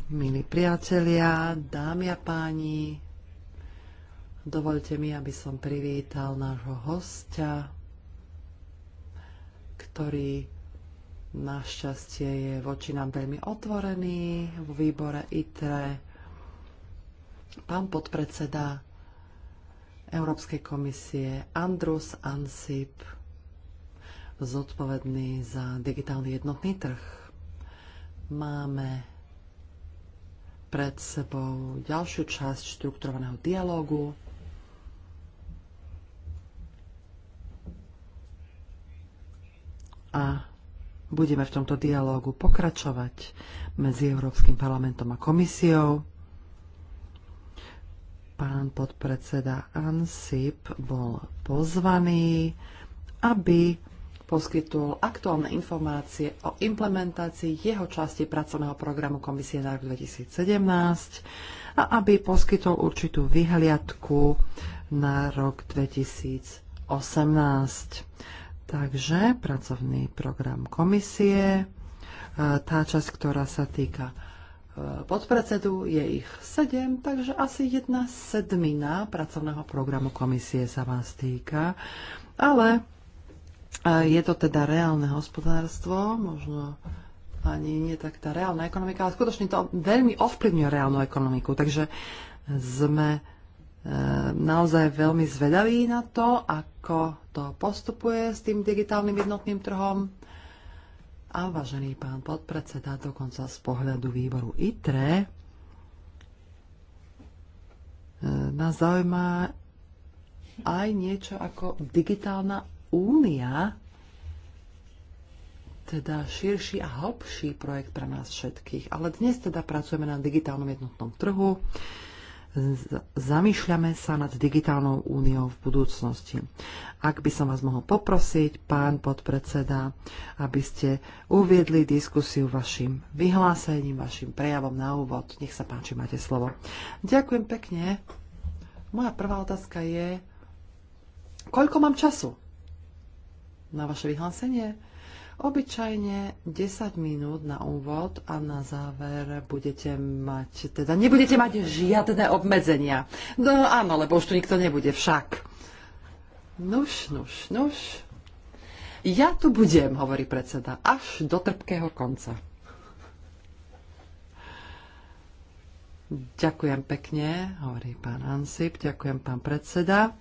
Milí priatelia, dámy a páni, dovolte mi, aby som privítal nášho hostia, ktorý našťastie je voči nám veľmi otvorený v výbore ITRE. Pán podpredseda Európskej komisie Andrus Ansip, zodpovedný za digitálny jednotný trh. Máme pred sebou ďalšiu časť štrukturovaného dialógu. A budeme v tomto dialógu pokračovať medzi Európskym parlamentom a komisiou. Pán podpredseda Ansip bol pozvaný, aby poskytol aktuálne informácie o implementácii jeho časti pracovného programu Komisie na rok 2017 a aby poskytol určitú vyhliadku na rok 2018. Takže pracovný program komisie, e, tá časť, ktorá sa týka e, podpredsedu, je ich sedem, takže asi jedna sedmina pracovného programu komisie sa vás týka, ale je to teda reálne hospodárstvo, možno ani nie tak tá reálna ekonomika, ale skutočne to veľmi ovplyvňuje reálnu ekonomiku. Takže sme e, naozaj veľmi zvedaví na to, ako to postupuje s tým digitálnym jednotným trhom. A vážený pán podpredseda, dokonca z pohľadu výboru ITRE, e, nás zaujíma aj niečo ako digitálna únia teda širší a hlbší projekt pre nás všetkých. Ale dnes teda pracujeme na digitálnom jednotnom trhu, zamýšľame sa nad digitálnou úniou v budúcnosti. Ak by som vás mohol poprosiť, pán podpredseda, aby ste uviedli diskusiu vašim vyhlásením, vašim prejavom na úvod. Nech sa páči, máte slovo. Ďakujem pekne. Moja prvá otázka je, koľko mám času? na vaše vyhlásenie. Obyčajne 10 minút na úvod a na záver budete mať, teda nebudete mať žiadne obmedzenia. No áno, lebo už tu nikto nebude však. Nuž, nuž, nuž. Ja tu budem, hovorí predseda, až do trpkého konca. Ďakujem pekne, hovorí pán Ansip, ďakujem pán predseda.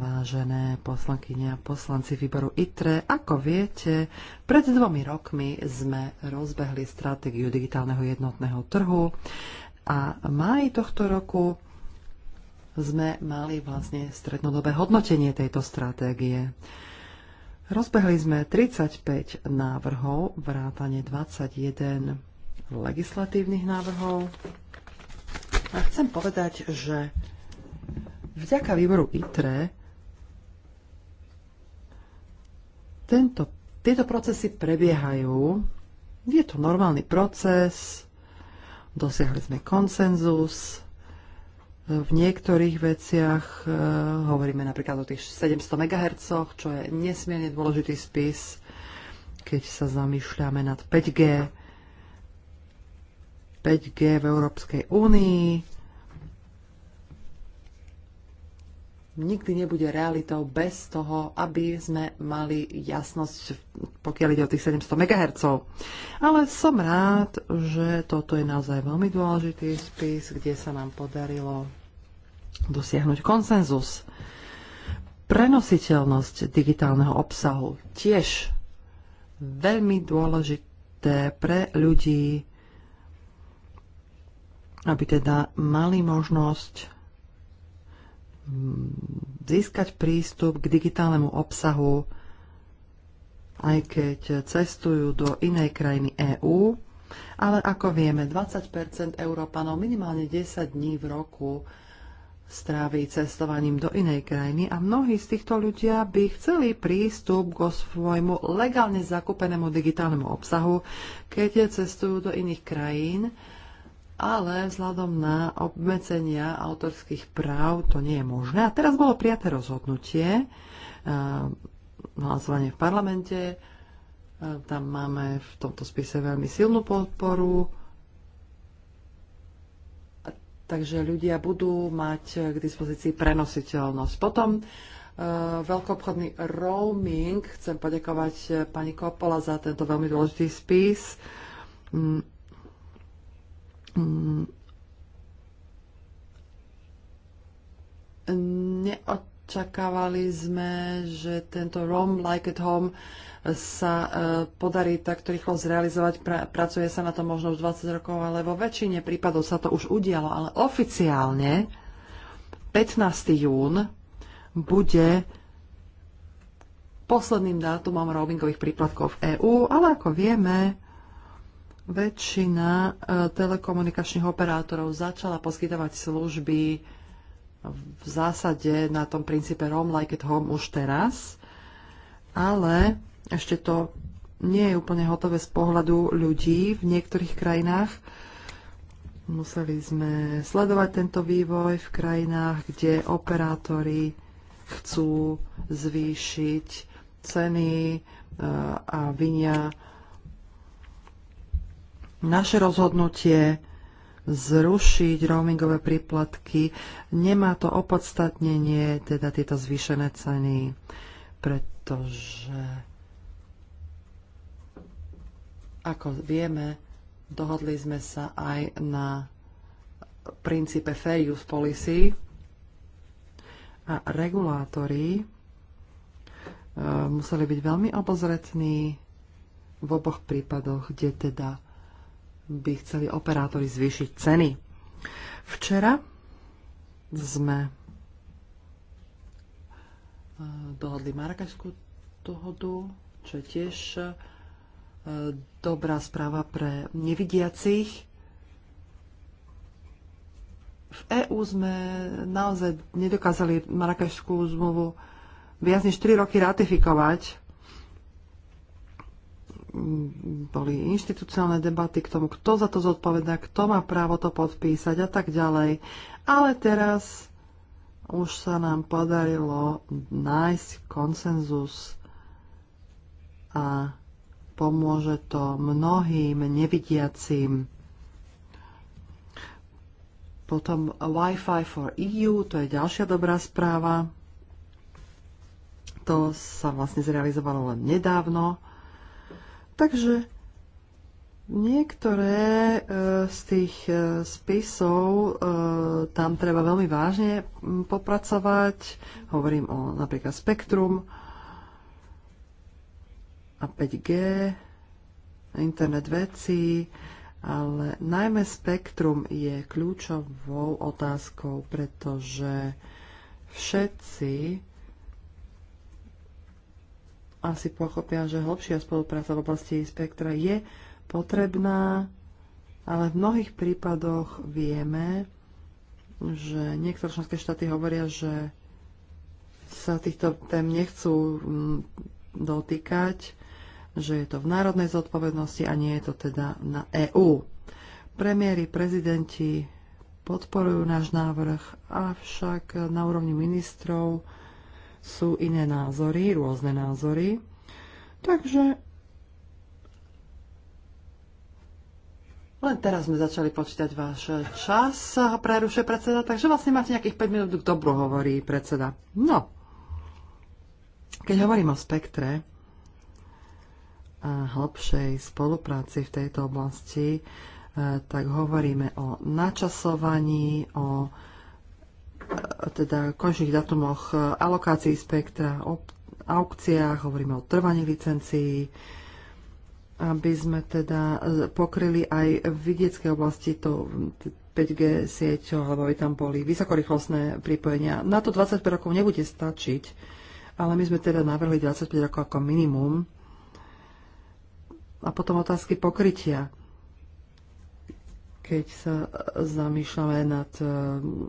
Vážené poslankyne a poslanci výboru ITRE, ako viete, pred dvomi rokmi sme rozbehli stratégiu digitálneho jednotného trhu a v máji tohto roku sme mali vlastne strednodobé hodnotenie tejto stratégie. Rozbehli sme 35 návrhov, vrátane 21 legislatívnych návrhov. A chcem povedať, že vďaka výboru ITRE tento, tieto procesy prebiehajú. Je to normálny proces, dosiahli sme konsenzus, v niektorých veciach e, hovoríme napríklad o tých 700 MHz, čo je nesmierne dôležitý spis, keď sa zamýšľame nad 5G. 5G v Európskej únii nikdy nebude realitou bez toho, aby sme mali jasnosť, pokiaľ ide o tých 700 MHz. Ale som rád, že toto je naozaj veľmi dôležitý spis, kde sa nám podarilo dosiahnuť konsenzus. Prenositeľnosť digitálneho obsahu tiež veľmi dôležité pre ľudí, aby teda mali možnosť Mm, získať prístup k digitálnemu obsahu, aj keď cestujú do inej krajiny EÚ. Ale ako vieme, 20 Európanov minimálne 10 dní v roku strávi cestovaním do inej krajiny a mnohí z týchto ľudia by chceli prístup k svojmu legálne zakúpenému digitálnemu obsahu, keď cestujú do iných krajín ale vzhľadom na obmedzenia autorských práv to nie je možné. A teraz bolo prijaté rozhodnutie, e, hlasovanie v parlamente, e, tam máme v tomto spise veľmi silnú podporu, takže ľudia budú mať k dispozícii prenositeľnosť. Potom e, veľkoobchodný roaming. Chcem poďakovať pani Kopola za tento veľmi dôležitý spis mm, Mm, neočakávali sme, že tento Rome Like at Home sa e, podarí takto rýchlo zrealizovať. pracuje sa na to možno už 20 rokov, ale vo väčšine prípadov sa to už udialo. Ale oficiálne 15. jún bude posledným dátumom roamingových príplatkov v EÚ, ale ako vieme, väčšina e, telekomunikačných operátorov začala poskytovať služby v zásade na tom princípe home, like at home už teraz, ale ešte to nie je úplne hotové z pohľadu ľudí v niektorých krajinách. Museli sme sledovať tento vývoj v krajinách, kde operátori chcú zvýšiť ceny e, a vinia naše rozhodnutie zrušiť roamingové príplatky nemá to opodstatnenie, teda tieto zvýšené ceny, pretože ako vieme, dohodli sme sa aj na princípe fair use policy a regulátori e, museli byť veľmi obozretní v oboch prípadoch, kde teda by chceli operátori zvýšiť ceny. Včera sme e, dohodli Marrakešskú dohodu, čo je tiež e, dobrá správa pre nevidiacich. V EÚ sme naozaj nedokázali Marrakešskú zmluvu viac než 3 roky ratifikovať boli inštitucionálne debaty k tomu, kto za to zodpovedá, kto má právo to podpísať a tak ďalej. Ale teraz už sa nám podarilo nájsť konsenzus a pomôže to mnohým nevidiacím. Potom Wi-Fi for EU, to je ďalšia dobrá správa. To sa vlastne zrealizovalo len nedávno Takže niektoré e, z tých e, spisov e, tam treba veľmi vážne popracovať. Hovorím o napríklad Spektrum a 5G, internet vecí, ale najmä spektrum je kľúčovou otázkou, pretože všetci asi pochopia, že hlbšia spolupráca v oblasti spektra je potrebná, ale v mnohých prípadoch vieme, že niektoré členské štáty hovoria, že sa týchto tém nechcú mm, dotýkať, že je to v národnej zodpovednosti a nie je to teda na EÚ. Premiéry, prezidenti podporujú náš návrh, avšak na úrovni ministrov sú iné názory, rôzne názory. Takže len teraz sme začali počítať váš čas, prerušuje predseda, takže vlastne máte nejakých 5 minút k dobru, hovorí predseda. No, keď hovorím o spektre a hlbšej spolupráci v tejto oblasti, eh, tak hovoríme o načasovaní, o teda končných datumoch e, alokácií spektra, aukciách, hovoríme o trvaní licencií, aby sme teda e, pokryli aj v vidiecké oblasti to 5G sieťou, alebo aby tam boli vysokorýchlostné pripojenia. Na to 25 rokov nebude stačiť, ale my sme teda navrhli 25 rokov ako minimum. A potom otázky pokrytia keď sa zamýšľame nad eh,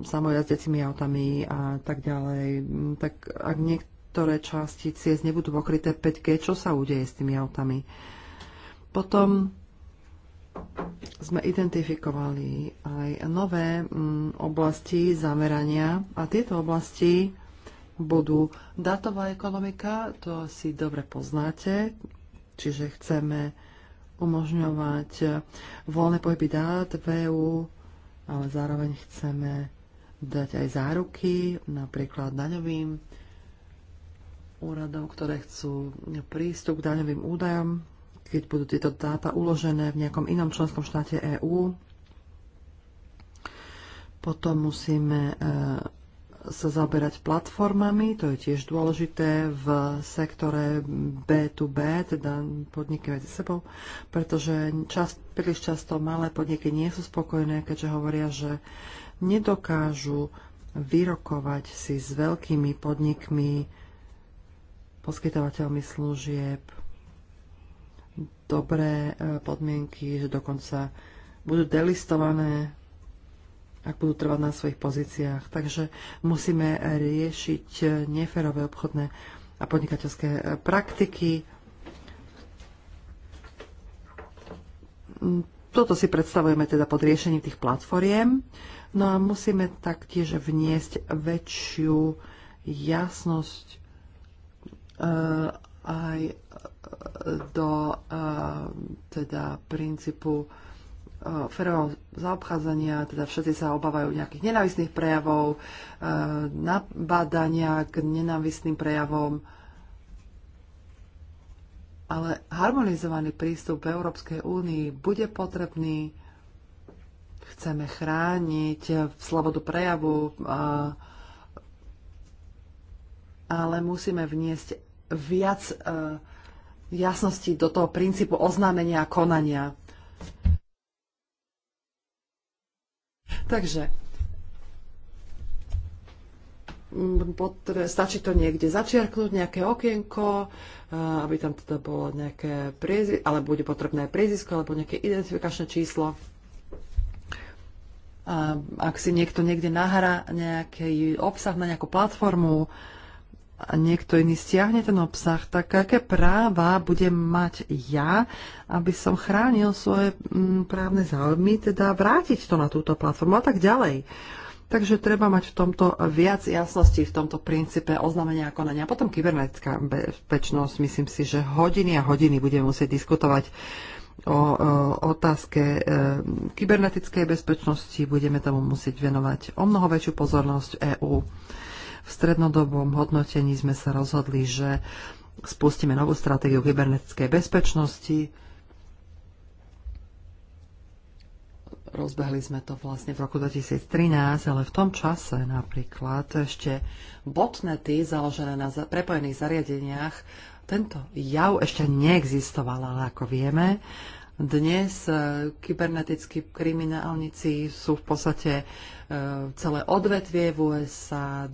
samojazdecimi autami a tak ďalej, mm, tak ak niektoré časti ciest nebudú pokryté 5G, čo sa udeje s tými autami? Potom sme identifikovali aj nové mm, oblasti zamerania a tieto oblasti budú datová ekonomika, to si dobre poznáte, čiže chceme umožňovať eh, voľné pohyby dát v EU, ale zároveň chceme dať aj záruky, napríklad daňovým úradom, ktoré chcú prístup k daňovým údajom, keď budú tieto dáta uložené v nejakom inom členskom štáte EÚ. Potom musíme eh, sa zaoberať platformami, to je tiež dôležité v sektore B2B, teda podniky medzi sebou, pretože čas, príliš často malé podniky nie sú spokojné, keďže hovoria, že nedokážu vyrokovať si s veľkými podnikmi, poskytovateľmi služieb, dobré e, podmienky, že dokonca budú delistované ak budú trvať na svojich pozíciách. Takže musíme riešiť neférové obchodné a podnikateľské praktiky. Toto si predstavujeme teda pod riešením tých platformiem. No a musíme taktiež vniesť väčšiu jasnosť eh, aj do eh, teda princípu Ferovom zaobchádzania, teda všetci sa obávajú nejakých nenávistných prejavov, e, nabádania k nenávistným prejavom, ale harmonizovaný prístup v Európskej únii bude potrebný. Chceme chrániť slobodu prejavu, ale musíme vniesť viac e, jasnosti do toho princípu oznámenia a konania Takže mm, stačí to niekde začiarknúť, nejaké okienko, eh, aby tam teda bolo nejaké priezisko, ale bude potrebné priezisko alebo nejaké identifikačné číslo. A ak si niekto niekde nahrá nejaký obsah na nejakú platformu, a niekto iný stiahne ten obsah, tak aké práva budem mať ja, aby som chránil svoje mm, právne záujmy, teda vrátiť to na túto platformu a tak ďalej. Takže treba mať v tomto viac jasnosti, v tomto princípe oznámenia a konania. Potom kybernetická bezpečnosť, myslím si, že hodiny a hodiny budeme musieť diskutovať o, o otázke e, kybernetickej bezpečnosti. Budeme tomu musieť venovať o mnoho väčšiu pozornosť EÚ. EU v strednodobom hodnotení sme sa rozhodli, že spustíme novú stratégiu kybernetickej bezpečnosti. Rozbehli sme to vlastne v roku 2013, ale v tom čase napríklad ešte botnety založené na prepojených zariadeniach, tento jav ešte neexistoval, ale ako vieme, dnes eh, kybernetickí kriminálnici sú v podstate eh, celé odvetvie v USA,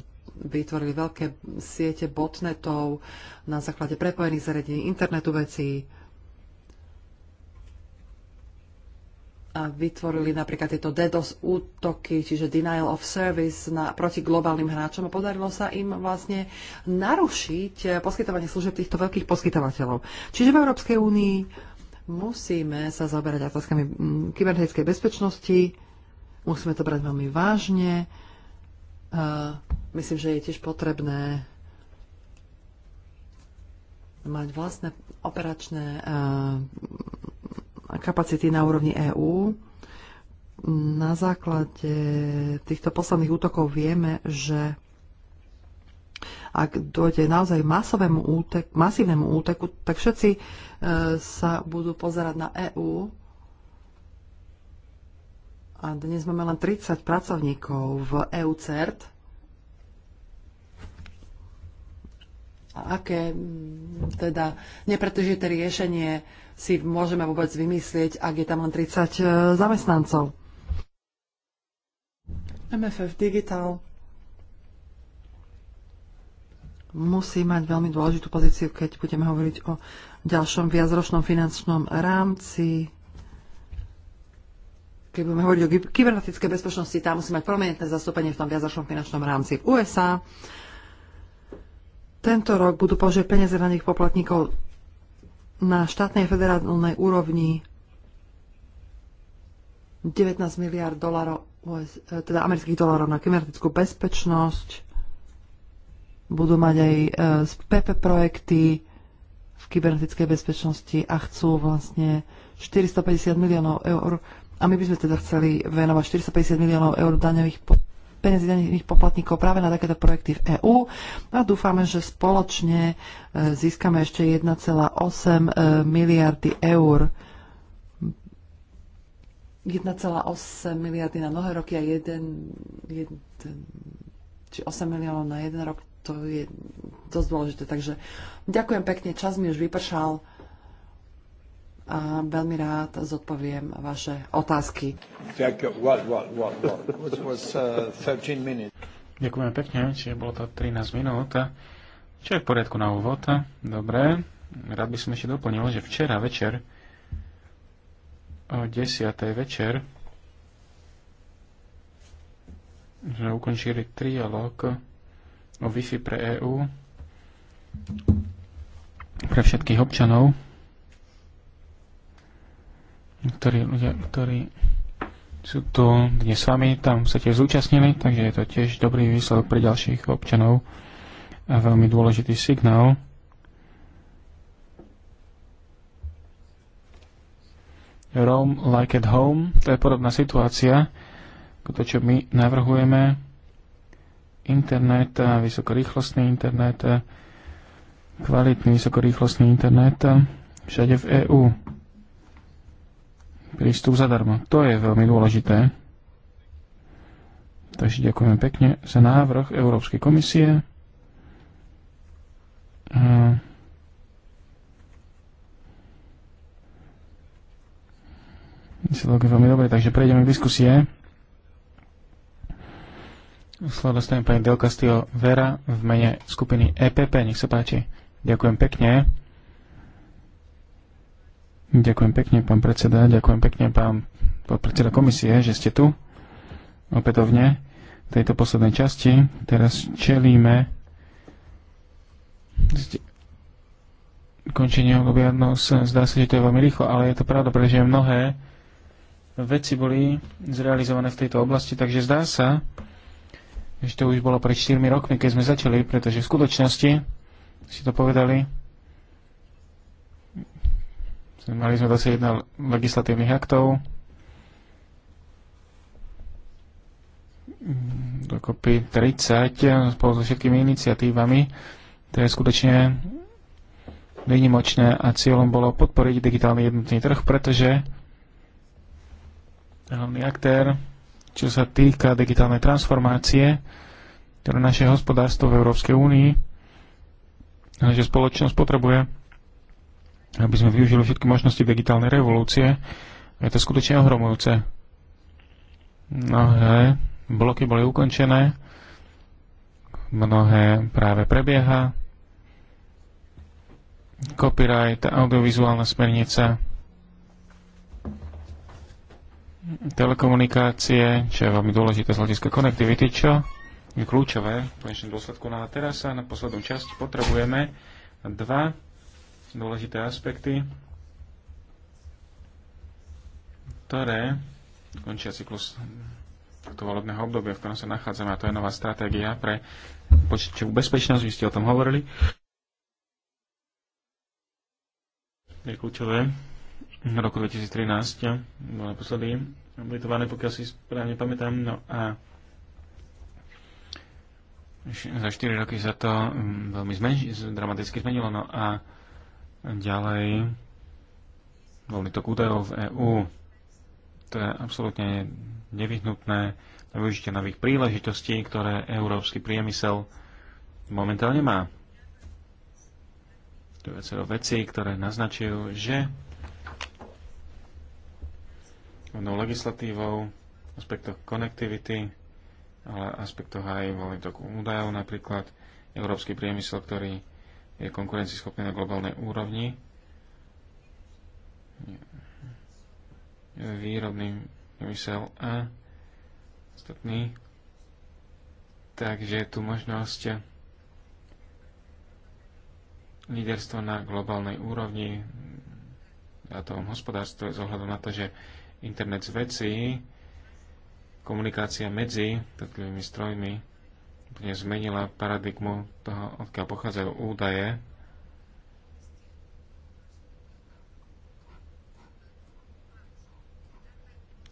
vytvorili veľké siete botnetov na základe prepojených zariadení internetu vecí a vytvorili napríklad tieto DDoS útoky, čiže denial of service na, proti globálnym hráčom a podarilo sa im vlastne narušiť poskytovanie služieb týchto veľkých poskytovateľov. Čiže v Európskej únii musíme sa zaoberať otázkami mm, kybernetickej bezpečnosti, musíme to brať veľmi vážne, myslím, že je tiež potrebné mať vlastné operačné kapacity na úrovni EÚ. Na základe týchto posledných útokov vieme, že ak dojde naozaj masovému útek, masívnemu úteku, tak všetci e, sa budú pozerať na EÚ a dnes máme len 30 pracovníkov v EUCERT. A aké mm, teda to riešenie si môžeme vôbec vymyslieť, ak je tam len 30 e, zamestnancov? MFF Digital musí mať veľmi dôležitú pozíciu, keď budeme hovoriť o ďalšom viacročnom finančnom rámci keď budeme hovoriť o kybernetickej bezpečnosti, tá musí mať prominentné zastúpenie v tom viazačnom finančnom rámci v USA. Tento rok budú použiť peniaze nich poplatníkov na štátnej federálnej úrovni 19 miliard dolarov, e, teda amerických dolarov na kybernetickú bezpečnosť. Budú mať aj PP e, projekty v kybernetickej bezpečnosti a chcú vlastne 450 miliónov eur a my by sme teda chceli venovať 450 miliónov eur daňových po- peniazí daňových poplatníkov práve na takéto projekty v EÚ a dúfame, že spoločne e, získame ešte 1,8 e, miliardy eur. 1,8 miliardy na mnohé roky a 1, 1 či 8 miliónov na jeden rok, to je dosť dôležité. Takže ďakujem pekne, čas mi už vypršal a veľmi rád zodpoviem vaše otázky. Uh, Ďakujem pekne, čiže bolo to 13 minút. Čo je v poriadku na úvod? Dobre. Rád by som ešte doplnil, že včera večer o 10. večer že ukončili trialog o Wi-Fi pre EÚ pre všetkých občanov ktorí, ľudia, ktorí sú tu dnes s vami, tam sa tiež zúčastnili, takže je to tiež dobrý výsledok pre ďalších občanov a veľmi dôležitý signál. Rome like at home, to je podobná situácia, ako to, čo my navrhujeme. Internet, vysokorýchlostný internet, kvalitný vysokorýchlostný internet všade v EÚ prístup zadarmo. To je veľmi dôležité. Takže ďakujeme pekne za návrh Európskej komisie. A Výsledok je veľmi dobrý, takže prejdeme k diskusie. Slovo dostane pani Del Castillo Vera v mene skupiny EPP. Nech sa páči. Ďakujem pekne. Ďakujem pekne, pán predseda. Ďakujem pekne, pán podpredseda komisie, že ste tu opätovne v tejto poslednej časti. Teraz čelíme končenie obdobia, no zdá sa, že to je veľmi rýchlo, ale je to pravda, pretože mnohé veci boli zrealizované v tejto oblasti, takže zdá sa, že to už bolo pred 4 rokmi, keď sme začali, pretože v skutočnosti, si to povedali, Mali sme 21 legislatívnych aktov. Dokopy 30 eh, spolu so všetkými iniciatívami. To je skutočne výnimočné a cieľom bolo podporiť digitálny jednotný trh, pretože hlavný aktér, čo sa týka digitálnej transformácie, ktoré naše hospodárstvo v Európskej únii, naša spoločnosť potrebuje, aby sme využili všetky možnosti digitálnej revolúcie. Je to skutočne ohromujúce. Mnohé bloky boli ukončené, mnohé práve prebieha, copyright, audiovizuálna smernica, telekomunikácie, čo je veľmi dôležité z hľadiska konektivity, čo je kľúčové v konečnom dôsledku. No a teraz sa na poslednú časť potrebujeme dva dôležité aspekty, ktoré končia cyklus tohto volebného obdobia, v ktorom sa nachádzame, a to je nová stratégia pre počítačovú bezpečnosť, vy ste o tom hovorili. Je kľúčové. V roku 2013 bol naposledy obytované, pokiaľ si správne pamätám, no a za 4 roky sa to mm, veľmi zmenš- dramaticky zmenilo, no a Ďalej, voľný tok údajov v EÚ. To je absolútne nevyhnutné na využitie nových príležitostí, ktoré európsky priemysel momentálne má. Tu je viacero veci, ktoré naznačujú, že vodnou legislatívou, aspektoch konektivity, ale aspektoch aj voľný údajov napríklad, európsky priemysel, ktorý je konkurencieschopný na globálnej úrovni výrobný priemysel a ostatný. Takže je tu možnosť líderstvo na globálnej úrovni a tom hospodárstve z ohľadom na to, že internet z veci, komunikácia medzi takovými strojmi, úplne zmenila paradigmu toho, odkiaľ pochádzajú údaje.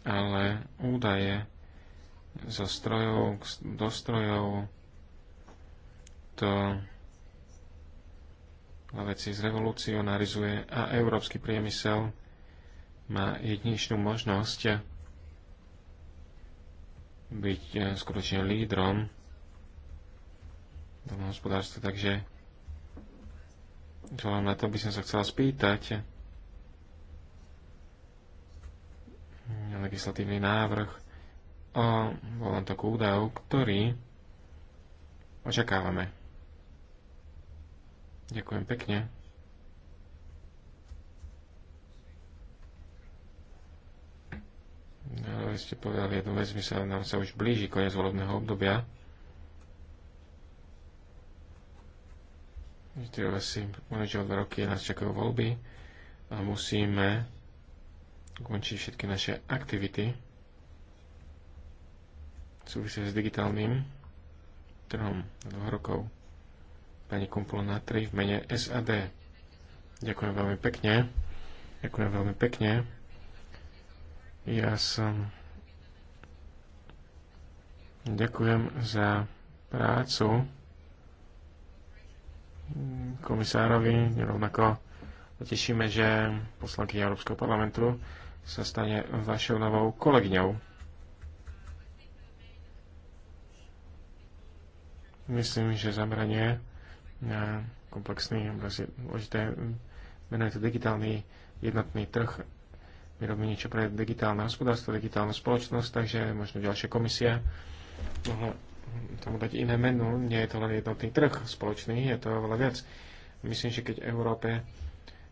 Ale údaje zo strojov do strojov to veci zrevolucionarizuje a európsky priemysel má jedinečnú možnosť byť skutočne lídrom hospodárstvo. Takže čo na to by som sa chcela spýtať. Legislatívny návrh o takú údajov, ktorý očakávame. Ďakujem pekne. No, ale ste povedali jednu vec, my sa, nám sa už blíži koniec volebného obdobia. že treba si povedať, že o dva roky nás čakajú voľby a musíme ukončiť všetky naše aktivity súvisia s digitálnym trhom na dvoch rokov. Pani Kumpula na 3 v mene SAD. Ďakujem veľmi pekne. Ďakujem veľmi pekne. Ja som... Ďakujem za prácu komisárovi. Rovnako tešíme, že poslanky Európskeho parlamentu sa stane vašou novou kolegyňou. Myslím, že zameranie na komplexný obraz dôležité. Menuje to digitálny jednotný trh. My robíme niečo pre digitálne hospodárstvo, digitálnu spoločnosť, takže možno ďalšia komisia mohla tomu dať iné menu. Nie je to len jednotný trh spoločný, je to oveľa viac. Myslím, že keď Európe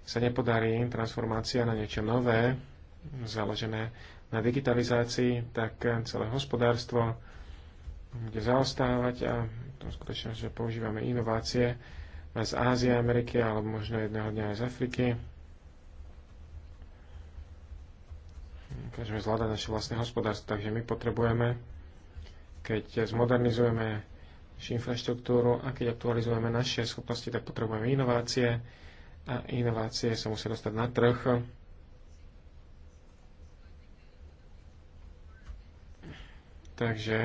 sa nepodarí transformácia na niečo nové, založené na digitalizácii, tak celé hospodárstvo bude zaostávať a to skutočne, že používame inovácie z Ázie, Ameriky alebo možno jedného dňa aj z Afriky. Môžeme zvládať naše vlastné hospodárstvo, takže my potrebujeme keď zmodernizujeme našu infraštruktúru a keď aktualizujeme naše schopnosti, tak potrebujeme inovácie a inovácie sa musia dostať na trh. Takže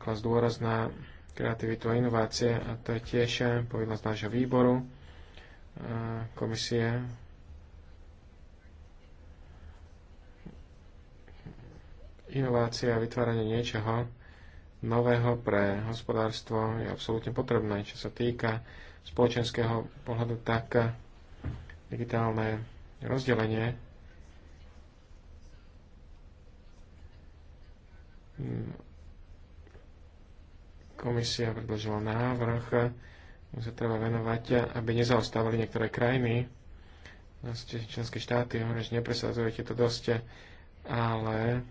klas dôraz na kreativitu a inovácie a to je tiež povinnosť nášho výboru komisie inovácia a vytváranie niečoho nového pre hospodárstvo je absolútne potrebné. Čo sa týka spoločenského pohľadu, tak digitálne rozdelenie komisia predložila návrh, mu sa treba venovať, aby nezaostávali niektoré krajiny, vlastne členské štáty, hovorím, že nepresadzujete to dosť, ale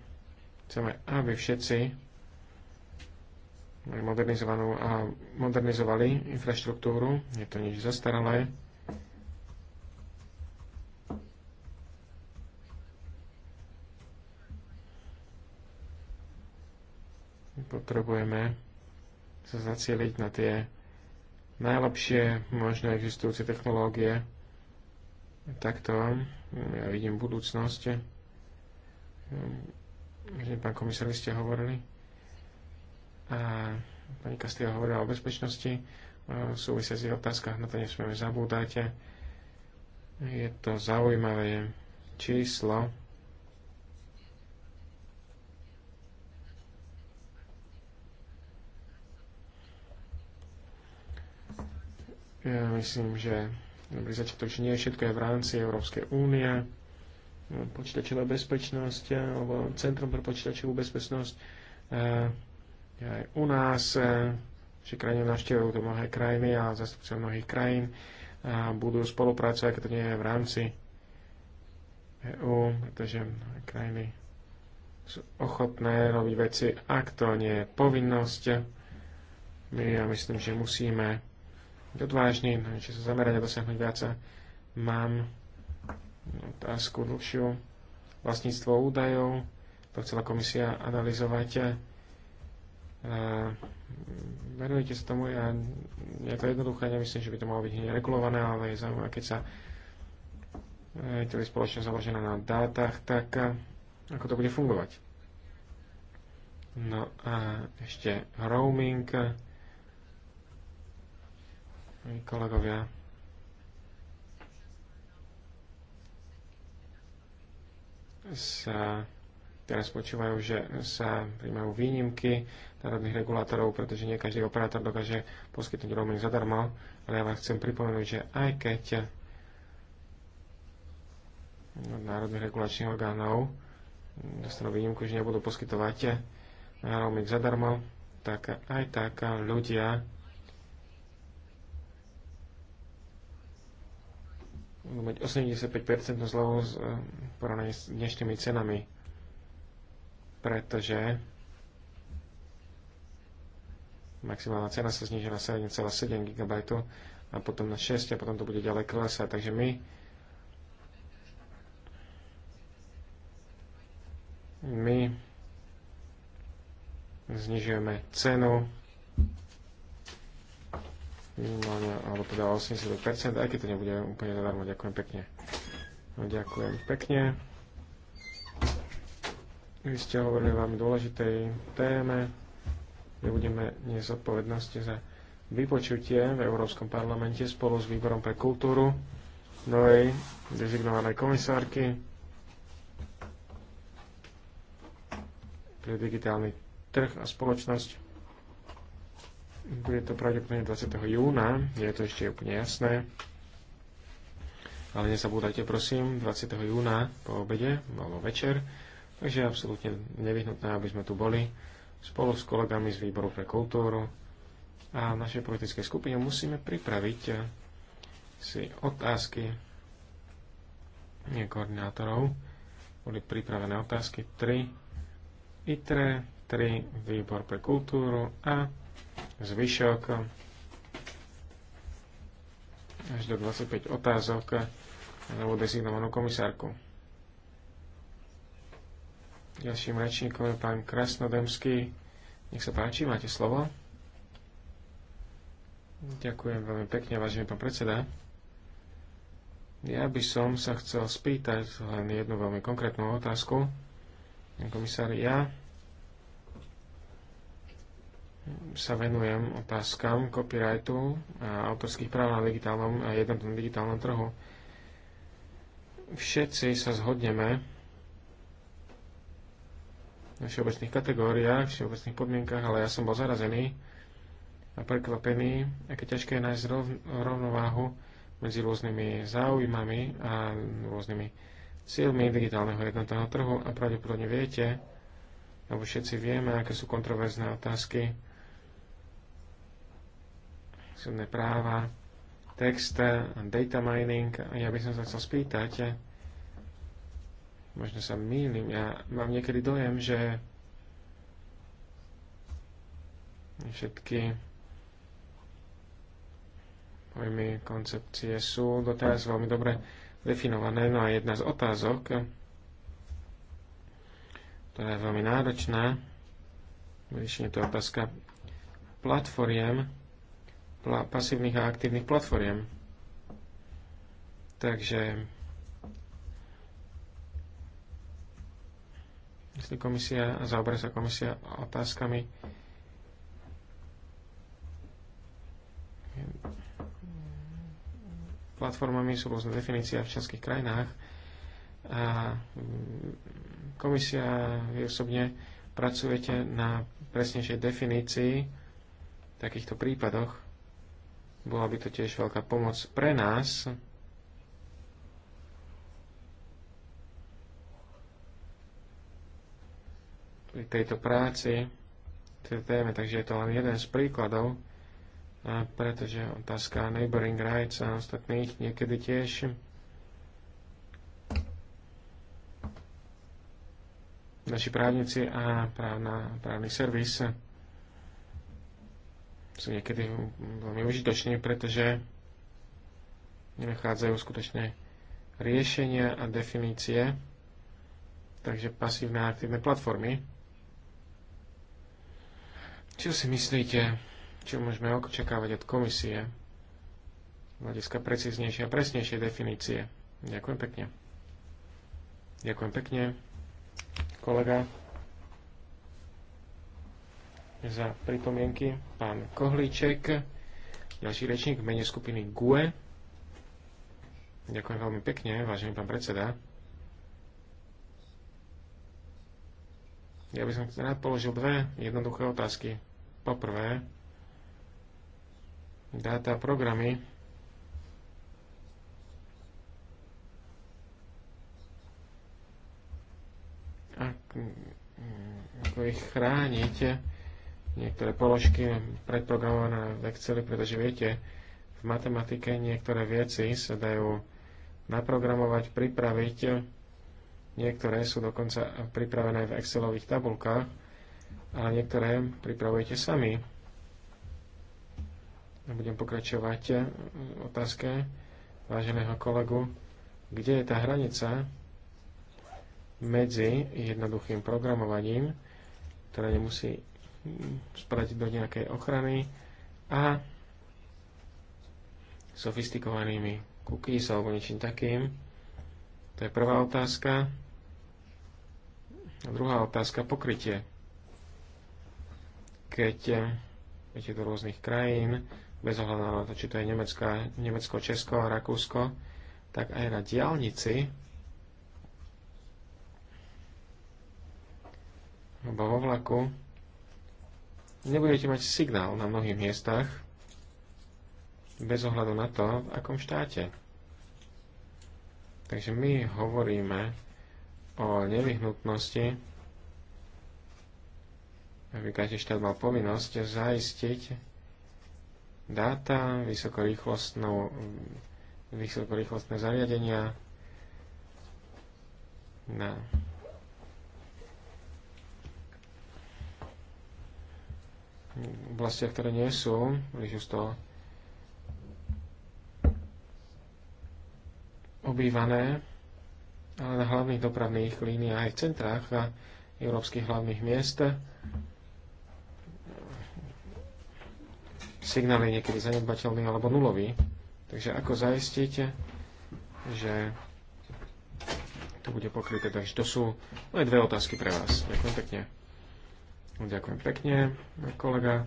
Chceme, aby všetci modernizovanú a modernizovali infraštruktúru. Je to nič zastaralé. Potrebujeme sa zacieliť na tie najlepšie možné existujúce technológie. Takto ja vidím budúcnosť kde pán komisár, vy ste hovorili, a pani Kastia hovorila o bezpečnosti, v súvisiaci otázkach, na to nesmieme zabúdať. Je to zaujímavé číslo. Ja myslím, že dobrý začiatok, že nie všetko je v rámci Európskej únie počítačová bezpečnosť eh, alebo Centrum pre počítačovú bezpečnosť eh, aj u nás, eh, že krajine navštevujú to mnohé krajiny a zastupcov mnohých krajín a budú spolupracovať, keď to nie je v rámci EU, pretože krajiny sú ochotné robiť veci, ak to nie je povinnosť. My ja myslím, že musíme odvážne, no, že sa zamerať a dosiahnuť viac. Mám otázku dlhšiu vlastníctvo údajov. To chcela komisia analyzovať. Mm, Venujete sa tomu, ja, je to jednoduché, nemyslím, že by to malo byť regulované, ale je zaujímavé, keď sa e, je to spoločnosť založená na dátach, tak e, ako to bude fungovať. No a ešte roaming. Kolegovia, sa teraz počúvajú, že sa príjmajú výnimky národných regulátorov, pretože nie každý operátor dokáže poskytnúť roaming zadarmo, ale ja vám chcem pripomenúť, že aj keď od národných regulačných orgánov dostanú výnimku, že nebudú poskytovať roaming zadarmo, tak aj tak ľudia budú mať 85% zľavu s e, porovnaní s dnešnými cenami, pretože maximálna cena sa zniží na 7,7 GB a potom na 6 a potom to bude ďalej klesať. Takže my my znižujeme cenu minimálne, alebo teda 80%, aj keď to nebude úplne zadarmo. Ďakujem pekne. No, ďakujem pekne. Vy ste hovorili vám dôležitej téme, kde budeme dnes odpovednosti za vypočutie v Európskom parlamente spolu s Výborom pre kultúru novej dezignovanej komisárky pre digitálny trh a spoločnosť. Bude to pravdepodobne 20. júna, nie je to ešte úplne jasné. Ale nezabúdajte, prosím, 20. júna po obede alebo večer. Takže je absolútne nevyhnutné, aby sme tu boli spolu s kolegami z Výboru pre kultúru a v našej politickej skupine musíme pripraviť si otázky koordinátorov. Boli pripravené otázky 3 ITRE, 3 Výbor pre kultúru a zvyšok až do 25 otázok na novú dezignovanú komisárku. Ďalším rečníkom je pán Krasnodemský. Nech sa páči, máte slovo. Ďakujem veľmi pekne, vážený pán predseda. Ja by som sa chcel spýtať len jednu veľmi konkrétnu otázku. Pán komisár, ja sa venujem otázkam copyrightu a autorských práv na digitálnom a jednotnom digitálnom trhu. Všetci sa zhodneme na všeobecných kategóriách, všeobecných podmienkach, ale ja som bol zarazený a prekvapený, aké ťažké je nájsť rov, rovnováhu medzi rôznymi záujmami a rôznymi cieľmi digitálneho jednotného trhu a pravdepodobne viete, alebo všetci vieme, aké sú kontroverzné otázky súdne práva, text, data mining. a Ja by som sa chcel spýtať, možno sa mýlim, ja mám niekedy dojem, že všetky pojmy, koncepcie sú doteraz veľmi dobre definované. No a jedna z otázok, ktorá je veľmi náročná, je to je otázka platformiem, pasívnych a aktívnych platformiem. Takže Myslí komisia, zaoberá sa komisia otázkami platformami sú rôzne definície v členských krajinách a komisia vy osobne pracujete na presnejšej definícii v takýchto prípadoch bola by to tiež veľká pomoc pre nás. pri tejto práci, tejto téme, takže je to len jeden z príkladov, pretože otázka neighboring rights a ostatných niekedy tiež naši právnici a právna, právny servis sú niekedy veľmi užitočné, pretože nenachádzajú skutočné riešenia a definície, takže pasívne a aktívne platformy. Čo si myslíte, čo môžeme očakávať od komisie hľadiska precíznejšie a presnejšie definície? Ďakujem pekne. Ďakujem pekne, kolega za pripomienky pán Kohlíček, ďalší rečník v mene skupiny GUE. Ďakujem veľmi pekne, vážený pán predseda. Ja by som rád položil dve jednoduché otázky. Poprvé, dáta programy ako ich chránite niektoré položky predprogramované v Exceli, pretože viete, v matematike niektoré veci sa dajú naprogramovať, pripraviť. Niektoré sú dokonca pripravené v Excelových tabulkách, ale niektoré pripravujete sami. Budem pokračovať v otázke váženého kolegu, kde je tá hranica medzi jednoduchým programovaním, ktoré nemusí spraviť do nejakej ochrany a sofistikovanými cookies alebo niečím takým. To je prvá otázka. A druhá otázka, pokrytie. Keď idete eh, do rôznych krajín, bez ohľadu na to, či to je Nemecka, Nemecko, Česko, Rakúsko, tak aj na diálnici alebo vo vlaku nebudete mať signál na mnohých miestach bez ohľadu na to, v akom štáte. Takže my hovoríme o nevyhnutnosti, aby každý štát mal povinnosť zaistiť dáta, vysokorýchlostné zariadenia na oblastiach, ktoré nie sú príliš to obývané, ale na hlavných dopravných líniách aj v centrách a európskych hlavných miest signál je niekedy zanedbateľný alebo nulový. Takže ako zaistiť, že to bude pokryté. Takže to sú moje dve otázky pre vás. Ďakujem pekne. No, ďakujem pekne, kolega.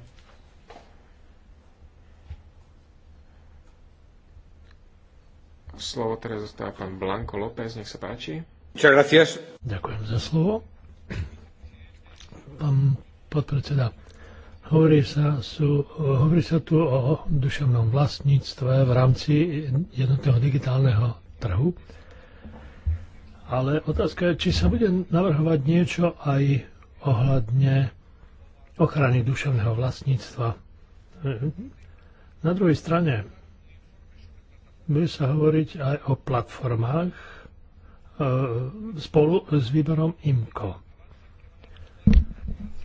Slovo teraz zostáva pán Blanko López, nech sa páči. Ďakujem za slovo. Pán podpredseda, hovorí sa, sú, hovorí sa tu o duševnom vlastníctve v rámci jednotného digitálneho trhu. Ale otázka je, či sa bude navrhovať niečo aj ohľadne ochrany duševného vlastníctva. Na druhej strane bude sa hovoriť aj o platformách e, spolu s výborom IMCO.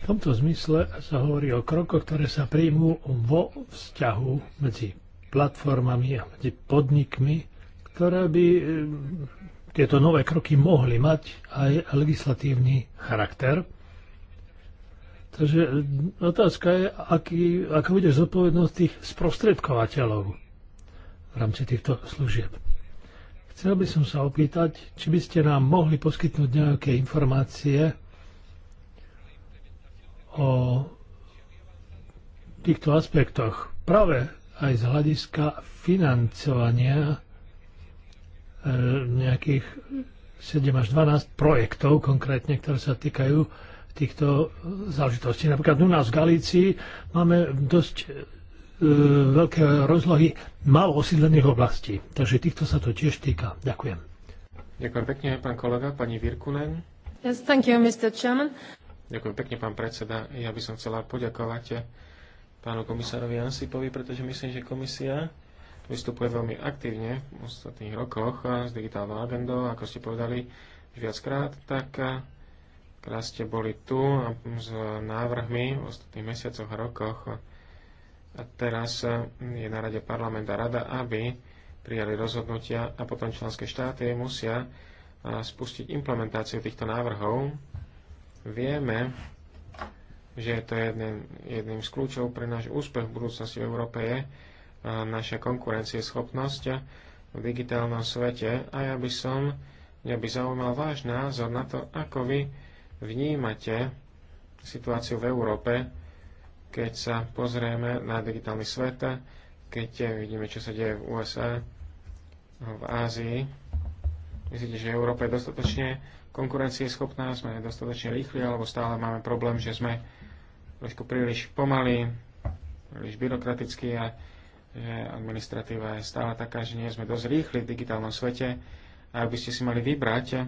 V tomto zmysle sa hovorí o krokoch, ktoré sa príjmú vo vzťahu medzi platformami a medzi podnikmi, ktoré by e, tieto nové kroky mohli mať aj legislatívny charakter Takže e, otázka je, aký, aká bude zodpovednosť tých sprostredkovateľov v rámci týchto služieb. Chcel by som sa opýtať, či by ste nám mohli poskytnúť nejaké informácie o týchto aspektoch práve aj z hľadiska financovania e, nejakých 7 až 12 projektov konkrétne, ktoré sa týkajú týchto e, záležitostí. Napríklad u nás v Galícii máme dosť e, veľké rozlohy malo osídlených oblastí. Takže týchto sa to tiež týka. Ďakujem. Ďakujem pekne, pán kolega, pani Virkunen. Yes, thank you, Mr. Chairman. Ďakujem pekne, pán predseda. Ja by som chcela poďakovať pánu komisárovi Ansipovi, pretože myslím, že komisia vystupuje veľmi aktívne v ostatných rokoch s digitálnou agendou, ako ste povedali viackrát, tak Krát ste boli tu s návrhmi v ostatných mesiacoch a rokoch a teraz je na rade parlament a rada, aby prijali rozhodnutia a potom členské štáty musia spustiť implementáciu týchto návrhov. Vieme, že to je jeden, jedným z kľúčov pre náš úspech v budúcnosti v Európe je naša konkurencieschopnosť v digitálnom svete a ja by som, mňa by zaujímal váš názor na to, ako vy vnímate situáciu v Európe, keď sa pozrieme na digitálny svet, keď vidíme, čo sa deje v USA, v Ázii. Myslíte, že Európa je dostatočne konkurencieschopná, sme dostatočne rýchli, alebo stále máme problém, že sme trošku príliš pomalí, príliš byrokratickí a že administratíva je stále taká, že nie sme dosť rýchli v digitálnom svete. A ak by ste si mali vybrať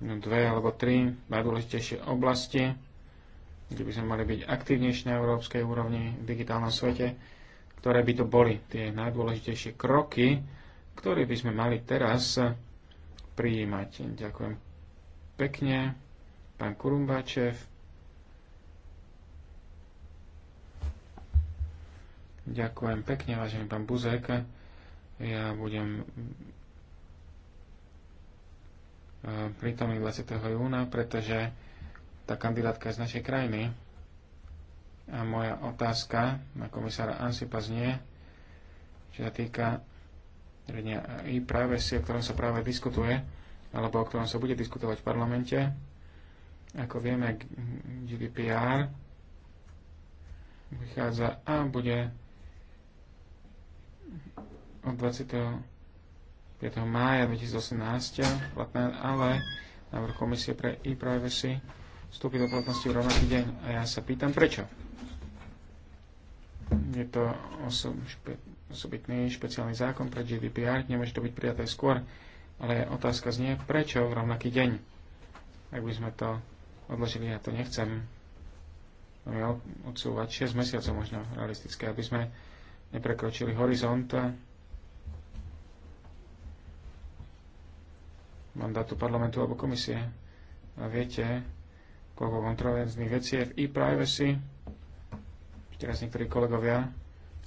dve alebo tri najdôležitejšie oblasti, kde by sme mali byť aktívnejšie na európskej úrovni v digitálnom svete, ktoré by to boli tie najdôležitejšie kroky, ktoré by sme mali teraz prijímať. Ďakujem pekne, pán Kurumbáčev. Ďakujem pekne, vážený pán Buzek. Ja budem Eh, prítomný 20. júna, pretože tá kandidátka je z našej krajiny. A moja otázka na komisára Ansipa znie, čo sa týka riadenia práve si, o ktorom sa práve diskutuje, alebo o ktorom sa bude diskutovať v parlamente. Ako vieme, GDPR vychádza a bude od 20. 5. mája 2018, ale návrh komisie pre e-privacy vstúpi do platnosti v rovnaký deň a ja sa pýtam prečo. Je to osob, špe, osobitný špeciálny zákon pre GDPR, nemôže to byť prijaté skôr, ale otázka znie, prečo v rovnaký deň? Ak by sme to odložili, ja to nechcem odsúvať 6 mesiacov možno realistické, aby sme neprekročili horizont mandátu parlamentu alebo komisie. A viete, koľko kontroverzných vecí je v e-privacy. Teraz niektorí kolegovia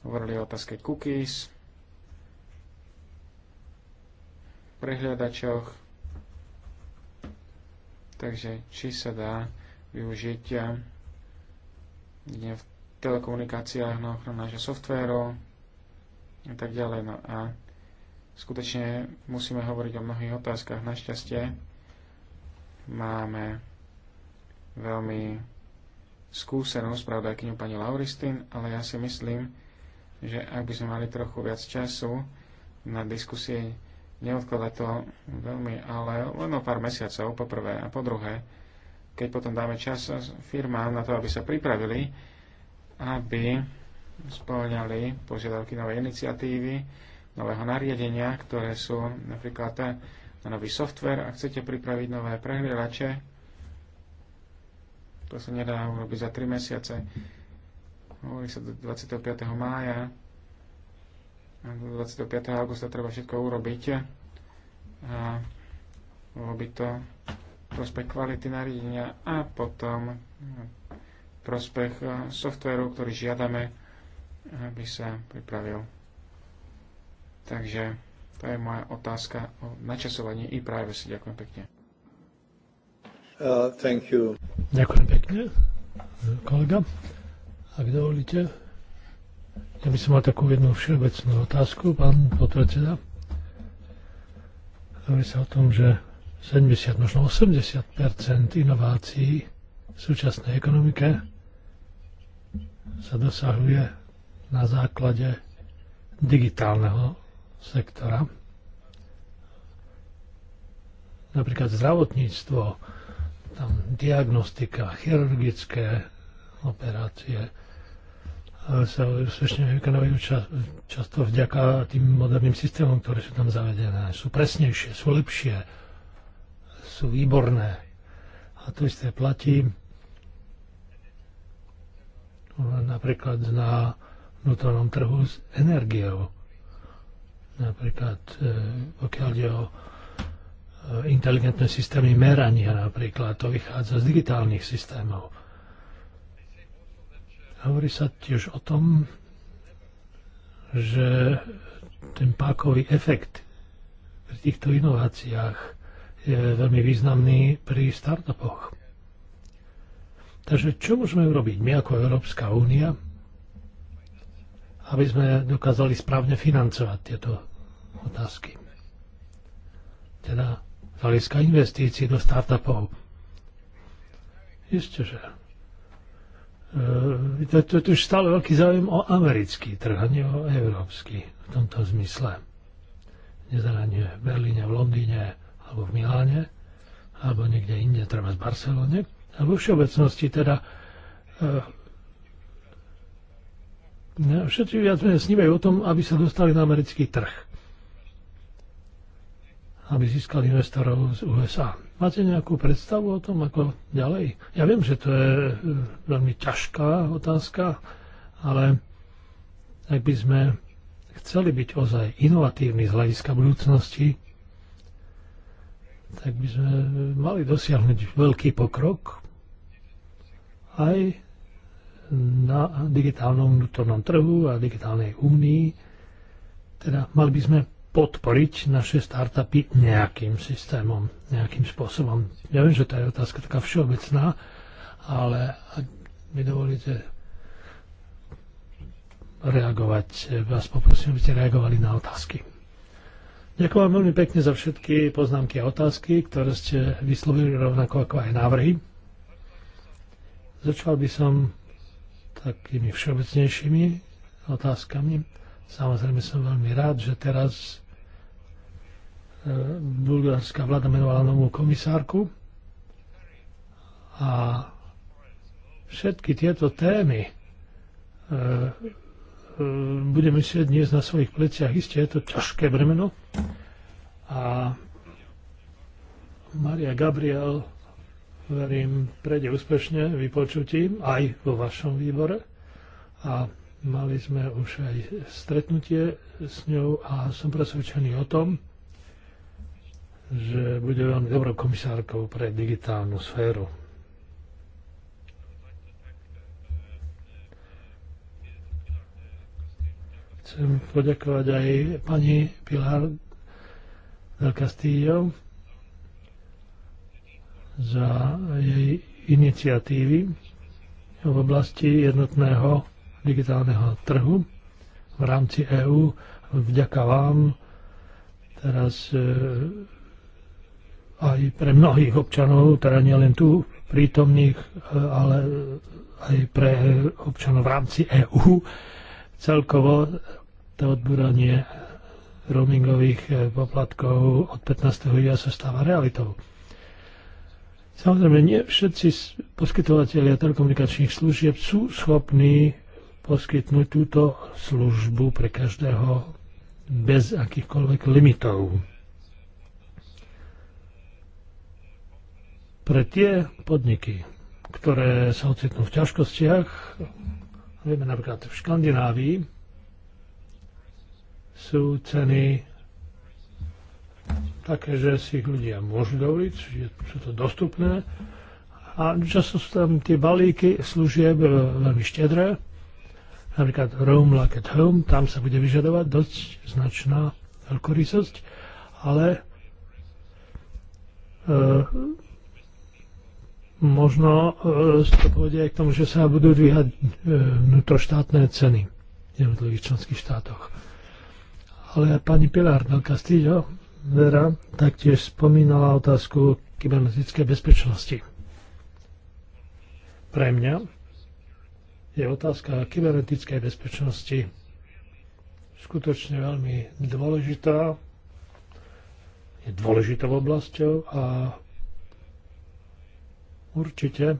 hovorili o otázke cookies, prehľadačoch, takže či sa dá využiť v telekomunikáciách na no ochranu nášho softvéru a tak ďalej. No a skutočne musíme hovoriť o mnohých otázkach. Našťastie máme veľmi skúsenú spravodajkyňu pani Lauristin, ale ja si myslím, že ak by sme mali trochu viac času na diskusie, neodkladať to veľmi, ale len o pár mesiacov, po prvé a po druhé, keď potom dáme čas firmám na to, aby sa pripravili, aby spĺňali požiadavky novej iniciatívy, nového nariadenia, ktoré sú napríklad na nový software. Ak chcete pripraviť nové prehrievače, to sa nedá urobiť za 3 mesiace. Hovorí sa do 25. mája. A do 25. augusta treba všetko urobiť. A bolo by to prospech kvality nariadenia a potom prospech softvéru, ktorý žiadame, aby sa pripravil. Takže to je moja otázka o načasovaní i privacy. Ďakujem pekne. Uh, thank you. Ďakujem pekne, kolega. Ak dovolíte, ja by som mal takú jednu všeobecnú otázku, pán podpredseda. Hovorí sa o tom, že 70, možno 80 inovácií v súčasnej ekonomike sa dosahuje na základe digitálneho sektora. Napríklad zdravotníctvo, tam diagnostika, chirurgické operácie sa úspešne vykonávajú často vďaka tým moderným systémom, ktoré sú tam zavedené. Sú presnejšie, sú lepšie, sú výborné. A to isté platí napríklad na vnútornom trhu s energiou. Napríklad, e, pokiaľ ide o e, inteligentné systémy merania napríklad, to vychádza z digitálnych systémov. Hovorí sa tiež o tom, že ten pákový efekt pri týchto inováciách je veľmi významný pri startupoch. Takže čo môžeme urobiť my ako Európska únia, aby sme dokázali správne financovať tieto otázky. Teda z hľadiska investícií do startupov. Isté, že e, to, to, to už stále veľký záujem o americký trh, a nie o európsky v tomto zmysle. Nezaranie v Berlíne, v Londýne alebo v Miláne alebo niekde inde, treba v Barcelone. A vo všeobecnosti teda e, Všetci viac menej snívajú o tom, aby sa dostali na americký trh. Aby získali investorov z USA. Máte nejakú predstavu o tom, ako ďalej? Ja viem, že to je e, veľmi ťažká otázka, ale ak by sme chceli byť ozaj inovatívni z hľadiska budúcnosti, tak by sme mali dosiahnuť veľký pokrok aj na digitálnom vnútornom trhu a digitálnej únii. Teda mali by sme podporiť naše startupy nejakým systémom, nejakým spôsobom. Ja viem, že to je otázka taká všeobecná, ale ak mi dovolíte reagovať, vás poprosím, aby ste reagovali na otázky. Ďakujem vám veľmi pekne za všetky poznámky a otázky, ktoré ste vyslovili rovnako ako aj návrhy. Začal by som takými všeobecnejšími otázkami. Samozrejme som veľmi rád, že teraz e, bulgárska vláda menovala novú komisárku a všetky tieto témy e, e, budeme musieť dnes na svojich pleciach. Isté je to ťažké bremeno. A Maria Gabriel verím, prejde úspešne vypočutím aj vo vašom výbore. A mali sme už aj stretnutie s ňou a som presvedčený o tom, že bude veľmi dobrou komisárkou pre digitálnu sféru. Chcem poďakovať aj pani Pilar del Castillo, za jej iniciatívy v oblasti jednotného digitálneho trhu v rámci EÚ. Vďaka vám teraz e, aj pre mnohých občanov, teda nielen tu prítomných, e, ale aj pre občanov v rámci EÚ, celkovo to odburanie roamingových e, poplatkov od 15. júna sa stáva realitou. Samozrejme, nie všetci poskytovateľia telekomunikačných služieb sú schopní poskytnúť túto službu pre každého bez akýchkoľvek limitov. Pre tie podniky, ktoré sa ocitnú v ťažkostiach, vieme napríklad v Škandinávii, sú ceny také, že si ich ľudia môžu dovoliť, že sú to dostupné. A často sú tam tie balíky služieb veľmi štedré. Napríklad Rome Like at Home, tam sa bude vyžadovať dosť značná veľkorysosť, ale e, možno e, to povedia aj k tomu, že sa budú dvíhať e, vnútroštátne ceny v jednotlivých členských štátoch. Ale pani Pilar del Castillo Vera taktiež spomínala otázku kybernetickej bezpečnosti. Pre mňa je otázka kybernetickej bezpečnosti skutočne veľmi dôležitá, je dôležitou oblasťou a určite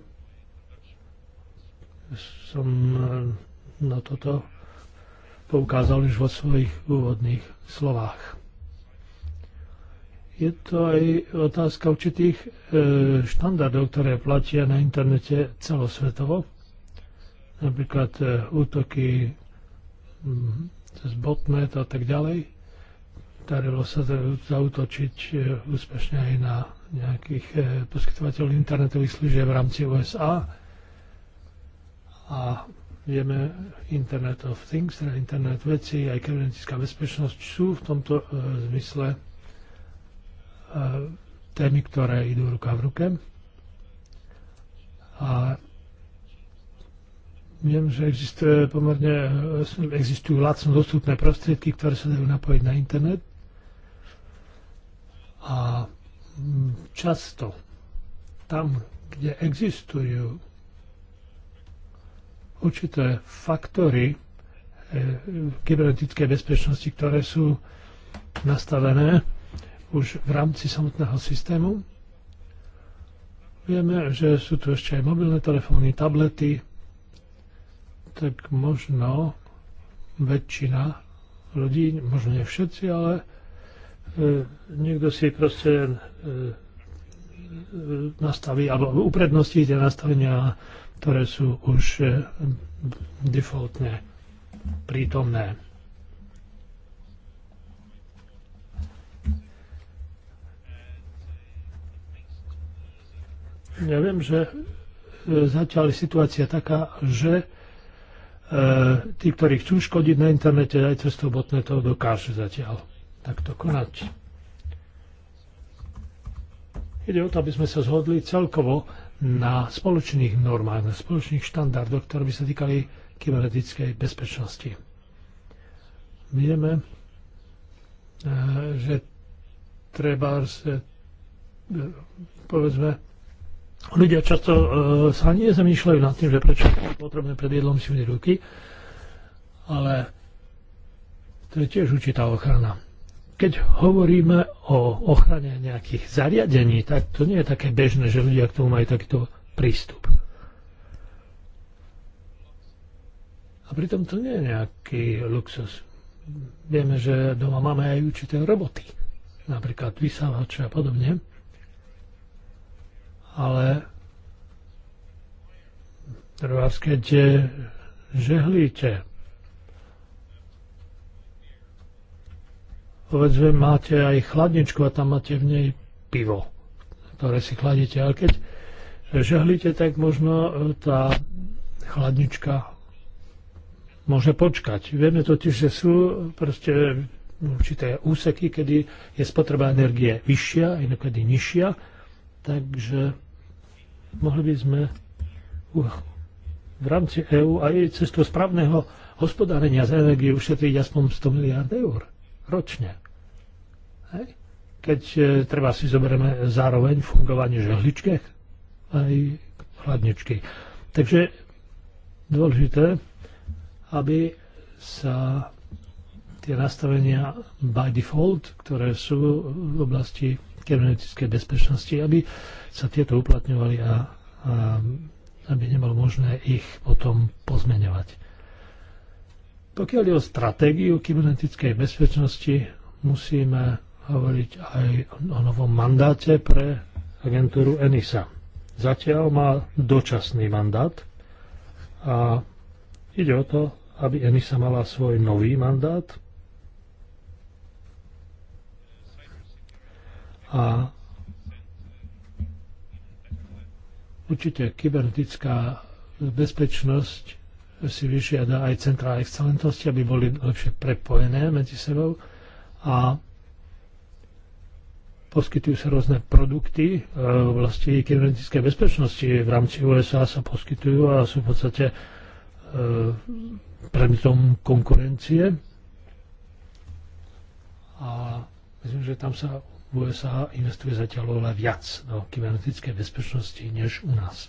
som na toto poukázal už vo svojich úvodných slovách je to aj otázka určitých e, štandardov, ktoré platia na internete celosvetovo. Napríklad e, útoky mm, z botnet a tak ďalej. Darilo sa zautočiť e, úspešne aj na nejakých poskytovateľov internetových služieb v rámci USA. A vieme, Internet of Things, teda Internet veci, aj kybernetická bezpečnosť sú v tomto zmysle E, témy, ktoré idú ruka v ruke. A viem, že existuje pomerne, existujú lacno dostupné prostriedky, ktoré sa dajú napojiť na internet. A často tam, kde existujú určité faktory e, kybernetickej bezpečnosti, ktoré sú nastavené už v rámci samotného systému. Vieme, že sú tu ešte aj mobilné telefóny, tablety, tak možno väčšina ľudí, možno nie všetci, ale e, niekto si proste e, e nastaví alebo upredností tie nastavenia, ktoré sú už e, defaultne prítomné. Ja viem, že e, zatiaľ je situácia taká, že e, tí, ktorí chcú škodiť na internete, aj cez to botné to dokážu zatiaľ takto konať. Ide o to, aby sme sa zhodli celkovo na spoločných normách, na spoločných štandardoch, ktoré by sa týkali kybernetickej bezpečnosti. Vieme, e, že treba e, povedzme Ľudia často e, sa nie zamýšľajú nad tým, že prečo je potrebné pred jedlom si ruky, ale to je tiež určitá ochrana. Keď hovoríme o ochrane nejakých zariadení, tak to nie je také bežné, že ľudia k tomu majú takýto prístup. A pritom to nie je nejaký luxus. Vieme, že doma máme aj určité roboty, napríklad vysávače a podobne ale treba, keď žehlíte, povedzme, máte aj chladničku a tam máte v nej pivo, ktoré si chladíte. Ale keď žehlíte, tak možno e, tá chladnička môže počkať. Vieme totiž, že sú proste určité úseky, kedy je spotreba energie vyššia, inokedy nižšia, takže mohli by sme v rámci EÚ a jej cestu správneho hospodárenia z energie ušetriť aspoň 100 miliard eur ročne. Hej? Keď e, treba si zoberieme zároveň fungovanie žehličkech aj chladničky. Takže dôležité, aby sa tie nastavenia by default, ktoré sú v oblasti kybernetické bezpečnosti, aby sa tieto uplatňovali a, a aby nebolo možné ich potom pozmeňovať. Pokiaľ je o stratégiu kybernetickej bezpečnosti, musíme hovoriť aj o novom mandáte pre agentúru ENISA. Zatiaľ má dočasný mandát a ide o to, aby ENISA mala svoj nový mandát, A určite kybernetická bezpečnosť si vyžiada aj centrá excelentnosti, aby boli lepšie prepojené medzi sebou a poskytujú sa rôzne produkty e, v oblasti kybernetickej bezpečnosti. V rámci USA sa poskytujú a sú v podstate e, predmetom konkurencie. A myslím, že tam sa USA investuje zatiaľ oveľa viac do kybernetickej bezpečnosti než u nás.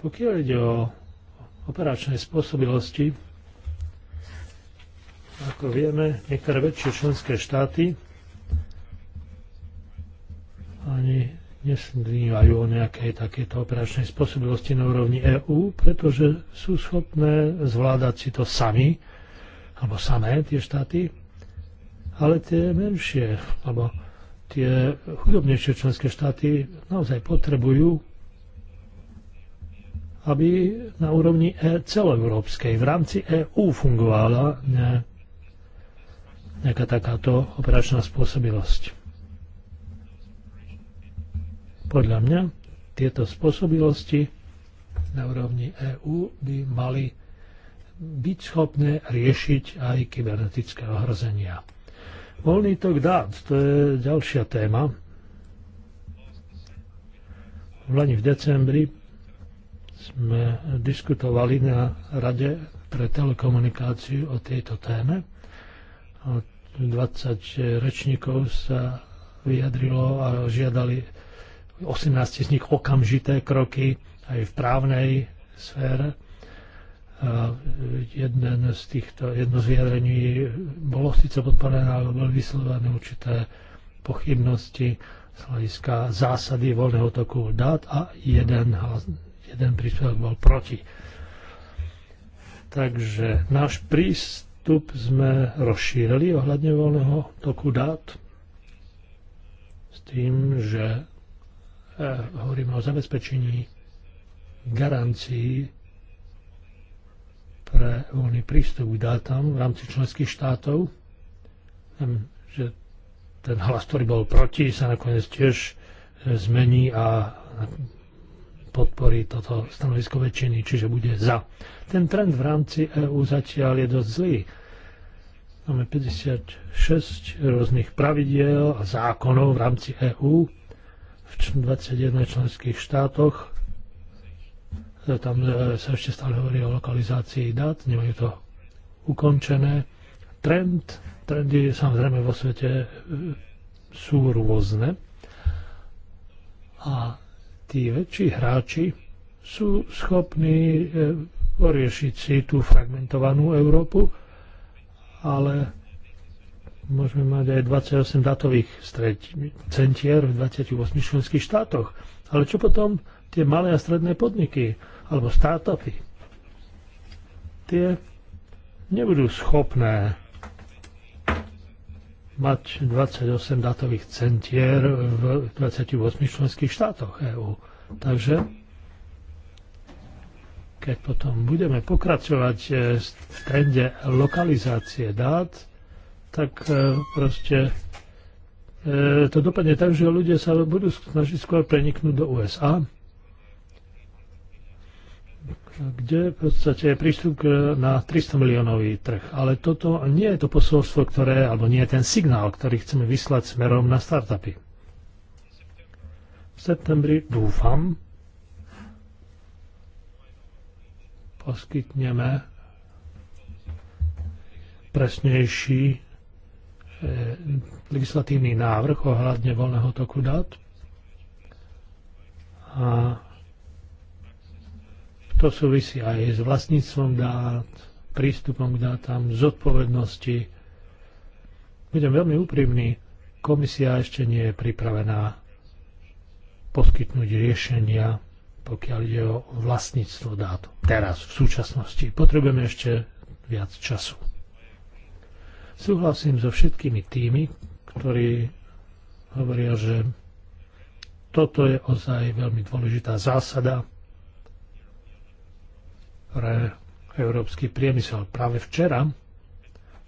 Pokiaľ ide o operačnej spôsobilosti, ako vieme, niektoré väčšie členské štáty ani nesnívajú o nejakej takéto operačnej spôsobilosti na úrovni EÚ, pretože sú schopné zvládať si to sami, alebo samé tie štáty, ale tie menšie, alebo tie chudobnejšie členské štáty naozaj potrebujú, aby na úrovni e celoeurópskej, v rámci EÚ fungovala ne, nejaká takáto operačná spôsobilosť. Podľa mňa tieto spôsobilosti na úrovni EÚ by mali byť schopné riešiť aj kybernetické ohrozenia. Voľný tok dát, to je ďalšia téma. V Lani v decembri sme diskutovali na Rade pre telekomunikáciu o tejto téme. 20 rečníkov sa vyjadrilo a žiadali 18 z nich okamžité kroky aj v právnej sfére a jeden z týchto, jedno z vyjadrení bolo síce podporené, ale boli vyslovené určité pochybnosti z hľadiska zásady voľného toku dát a jeden, jeden príspevok bol proti. Takže náš prístup sme rozšírili ohľadne voľného toku dát s tým, že eh, hovoríme o zabezpečení garancií pre voľný prístup k dátam v rámci členských štátov. Viem, že ten hlas, ktorý bol proti, sa nakoniec tiež e, zmení a podporí toto stanovisko väčšiny, čiže bude za. Ten trend v rámci EÚ zatiaľ je dosť zlý. Máme 56 rôznych pravidiel a zákonov v rámci EÚ v 21 členských štátoch E, tam e, sa ešte stále hovorí o lokalizácii dát, nemajú to ukončené. Trend, trendy samozrejme vo svete e, sú rôzne a tí väčší hráči sú schopní poriešiť si tú fragmentovanú Európu, ale môžeme mať aj 28 datových centier v 28 členských štátoch. Ale čo potom tie malé a stredné podniky? alebo startupy, tie nebudú schopné mať 28 datových centier v 28 členských štátoch EÚ. Takže keď potom budeme pokračovať e, v trende lokalizácie dát, tak e, proste e, to dopadne tak, že ľudia sa budú snažiť skôr preniknúť do USA, kde v podstate je prístup na 300 miliónový trh. Ale toto nie je to posolstvo, ktoré, alebo nie je ten signál, ktorý chceme vyslať smerom na startupy. V septembri dúfam, poskytneme presnejší eh, legislatívny návrh ohľadne voľného toku dát. A to súvisí aj s vlastníctvom dát, prístupom k dátam, zodpovednosti. Budem veľmi úprimný, komisia ešte nie je pripravená poskytnúť riešenia, pokiaľ ide o vlastníctvo dát. Teraz, v súčasnosti. Potrebujeme ešte viac času. Súhlasím so všetkými tými, ktorí hovoria, že toto je ozaj veľmi dôležitá zásada pre európsky priemysel. Práve včera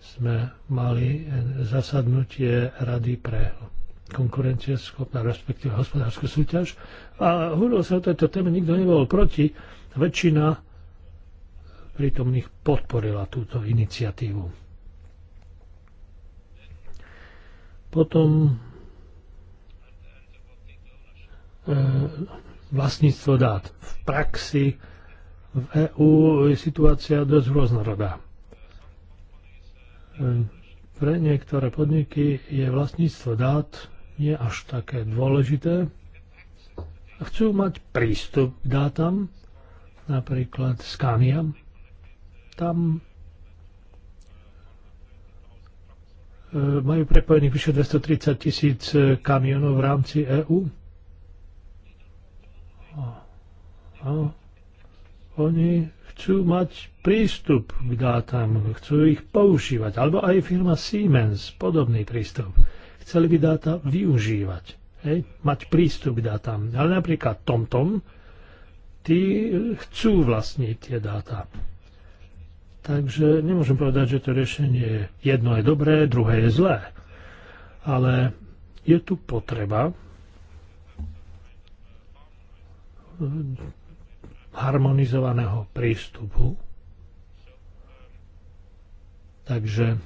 sme mali zasadnutie Rady pre konkurencieschopná, respektíve hospodárskú súťaž. A hovorilo sa o tejto téme, nikto nebol proti. Väčšina prítomných podporila túto iniciatívu. Potom e, vlastníctvo dát v praxi, v EÚ je situácia dosť rôznorodá. Pre niektoré podniky je vlastníctvo dát nie až také dôležité. Chcú mať prístup k dátam, napríklad Scania. Tam e, majú prepojených vyše 230 tisíc kamionov v rámci EÚ. Oni chcú mať prístup k dátam, chcú ich používať. Alebo aj firma Siemens, podobný prístup. Chceli by dáta využívať, hej? mať prístup k dátam. Ale napríklad TomTom, tí chcú vlastniť tie dáta. Takže nemôžem povedať, že to riešenie jedno je dobré, druhé je zlé. Ale je tu potreba harmonizovaného prístupu. Takže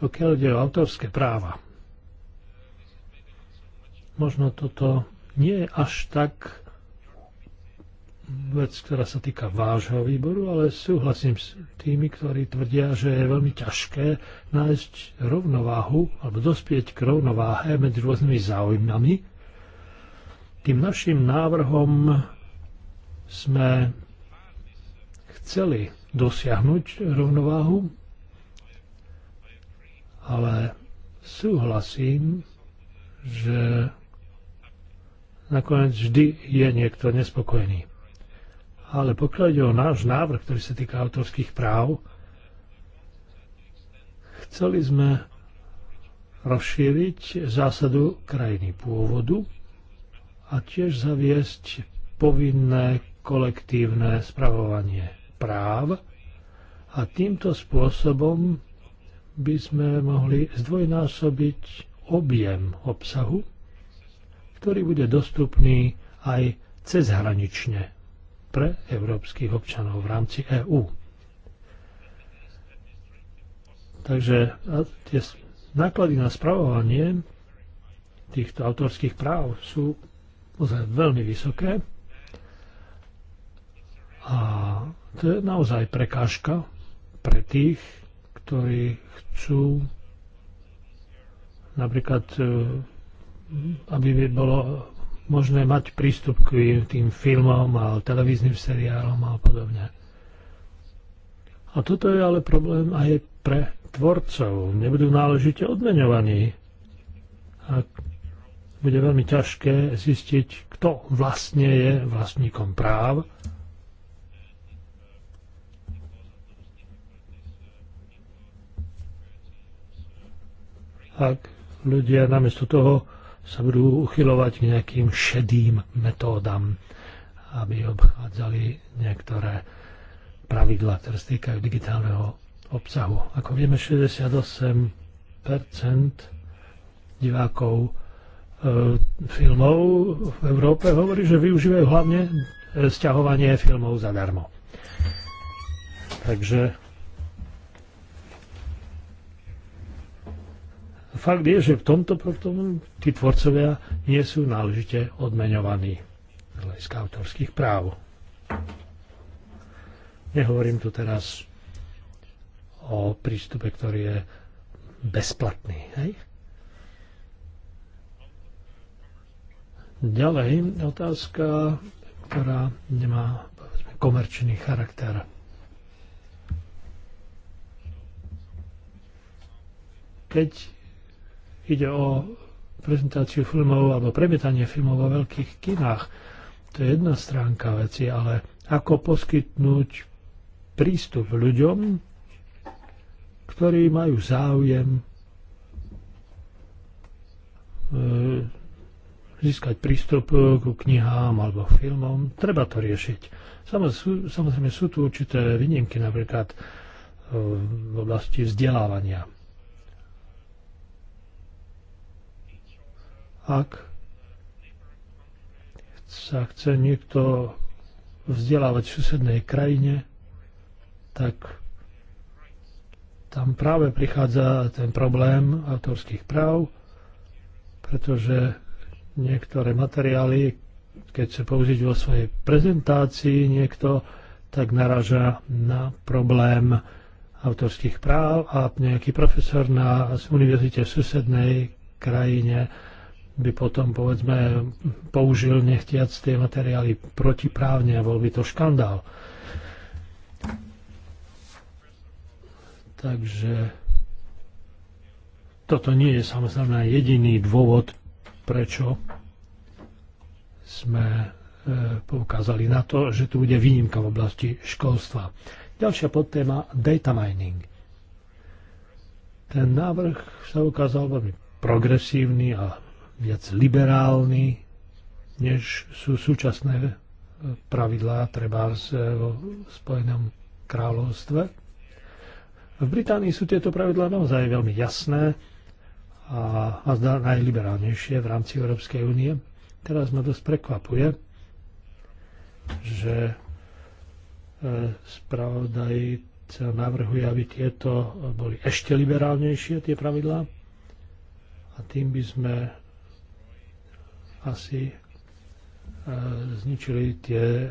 pokiaľ ide o autorské práva, možno toto nie je až tak vec, ktorá sa týka vášho výboru, ale súhlasím s tými, ktorí tvrdia, že je veľmi ťažké nájsť rovnováhu alebo dospieť k rovnováhe medzi rôznymi záujmami tým našim návrhom sme chceli dosiahnuť rovnováhu, ale súhlasím, že nakoniec vždy je niekto nespokojný. Ale pokiaľ ide o náš návrh, ktorý sa týka autorských práv, chceli sme rozšíriť zásadu krajiny pôvodu a tiež zaviesť povinné kolektívne spravovanie práv a týmto spôsobom by sme mohli zdvojnásobiť objem obsahu, ktorý bude dostupný aj cezhranične pre európskych občanov v rámci EÚ. Takže tie náklady na spravovanie týchto autorských práv sú ozaj veľmi vysoké. A to je naozaj prekážka pre tých, ktorí chcú napríklad, e, aby by bolo možné mať prístup k tým filmom a televíznym seriálom a podobne. A toto je ale problém aj pre tvorcov. Nebudú náležite odmeňovaní. A bude veľmi ťažké zistiť, kto vlastne je vlastníkom práv. Ak ľudia namiesto toho sa budú uchylovať k nejakým šedým metódam, aby obchádzali niektoré pravidla, ktoré sa týkajú digitálneho obsahu. Ako vieme, 68 divákov E, filmov v Európe hovorí, že využívajú hlavne sťahovanie filmov zadarmo. Takže fakt je, že v tomto potom tí tvorcovia nie sú náležite odmeňovaní z hľadiska autorských práv. Nehovorím tu teraz o prístupe, ktorý je bezplatný. Hej? Ďalej otázka, ktorá nemá povedzme, komerčný charakter. Keď ide o prezentáciu filmov alebo premietanie filmov vo veľkých kinách, to je jedna stránka veci, ale ako poskytnúť prístup ľuďom, ktorí majú záujem e, získať prístup eh, k knihám alebo filmom, treba to riešiť. Samozrejme sú tu určité výnimky, napríklad eh, v oblasti vzdelávania. Ak sa chce niekto vzdelávať v susednej krajine, tak tam práve prichádza ten problém autorských práv, pretože niektoré materiály, keď chce použiť vo svojej prezentácii niekto, tak naraža na problém autorských práv a nejaký profesor na univerzite v susednej krajine by potom, povedzme, použil nechtiac tie materiály protiprávne a bol by to škandál. Takže toto nie je samozrejme jediný dôvod, prečo sme e, poukázali na to, že tu bude výnimka v oblasti školstva. Ďalšia podtéma data mining. Ten návrh sa ukázal veľmi progresívny a viac liberálny, než sú súčasné e, pravidlá, treba e, v Spojenom kráľovstve. V Británii sú tieto pravidlá naozaj veľmi jasné a, a najliberálnejšie v rámci Európskej únie. Teraz ma dosť prekvapuje, že e, spravodajca navrhuje, aby tieto boli ešte liberálnejšie, tie pravidlá. A tým by sme asi e, zničili tie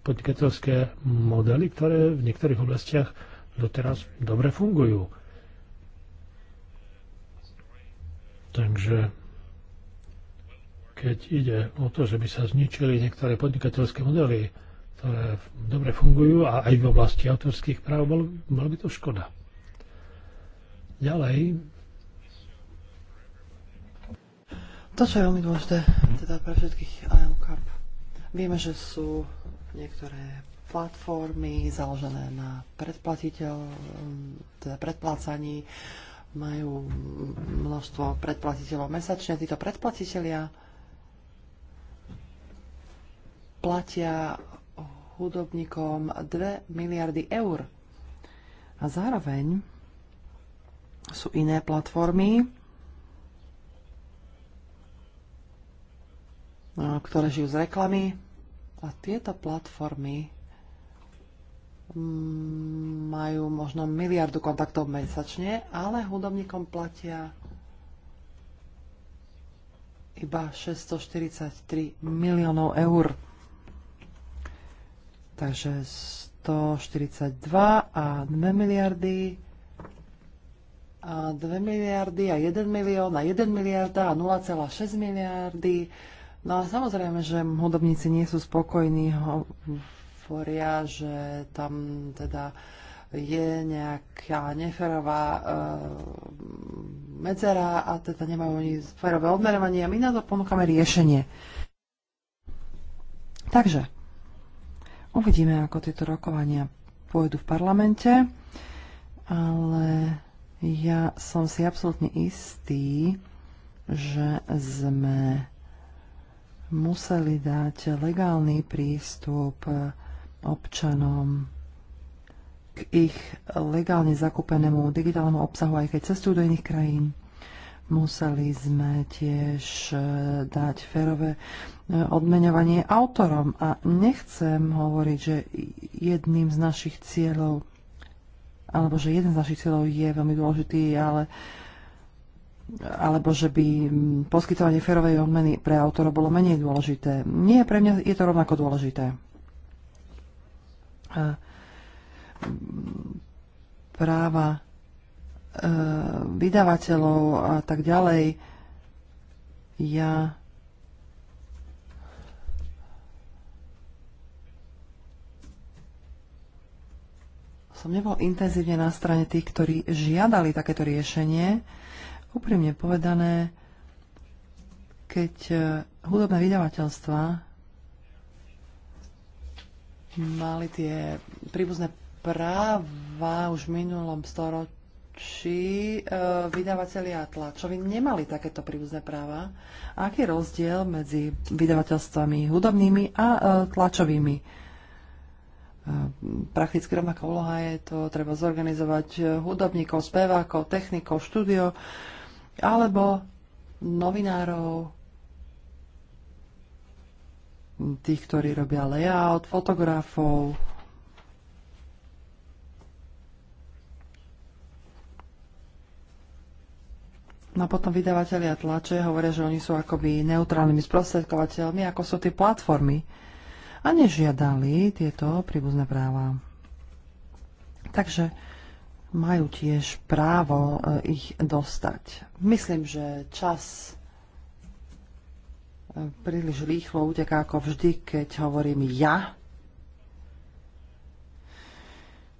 podnikateľské modely, ktoré v niektorých oblastiach doteraz dobre fungujú. Takže keď ide o to, že by sa zničili niektoré podnikateľské modely, ktoré dobre fungujú a aj v oblasti autorských práv, bolo, bol by to škoda. Ďalej. To, čo je veľmi dôležité, teda pre všetkých ILCAP, vieme, že sú niektoré platformy založené na predplatiteľ, teda predplácaní, majú množstvo predplatiteľov mesačne. Títo predplatitelia platia hudobníkom 2 miliardy eur. A zároveň sú iné platformy, no, ktoré žijú z reklamy a tieto platformy mm, majú možno miliardu kontaktov mesačne, ale hudobníkom platia iba 643 miliónov eur. Takže 142 a 2 miliardy a 2 miliardy a 1 milión a 1 miliarda a 0,6 miliardy. No a samozrejme, že hudobníci nie sú spokojní, hovoria, že tam teda je nejaká neferová uh, eh, medzera a teda nemajú oni férové odmerovanie a my na to ponúkame riešenie. Takže Uvidíme, ako tieto rokovania pôjdu v parlamente, ale ja som si absolútne istý, že sme museli dať legálny prístup občanom k ich legálne zakúpenému digitálnemu obsahu, aj keď cestujú do iných krajín. Museli sme tiež e, dať férové e, odmeňovanie autorom a nechcem hovoriť, že jedným z našich cieľov alebo že jeden z našich cieľov je veľmi dôležitý, ale alebo že by poskytovanie férovej odmeny pre autorov bolo menej dôležité. Nie, pre mňa je to rovnako dôležité. A práva E, vydavateľov a tak ďalej. Ja som nebol intenzívne na strane tých, ktorí žiadali takéto riešenie. Úprimne povedané, keď e, hudobné vydavateľstva mali tie príbuzné práva už v minulom storočí, či e, vydavatelia a tlačovi nemali takéto príbuzné práva. Aký je rozdiel medzi vydavateľstvami hudobnými a e, tlačovými? E, prakticky rovnaká úloha je to, treba zorganizovať hudobníkov, spevákov, technikov, štúdio alebo novinárov, tých, ktorí robia layout, fotografov, No potom vydavatelia tlače hovoria, že oni sú akoby neutrálnymi sprostredkovateľmi, ako sú tie platformy. A nežiadali tieto príbuzné práva. Takže majú tiež právo e, ich dostať. Myslím, že čas e, príliš rýchlo uteká ako vždy, keď hovorím ja.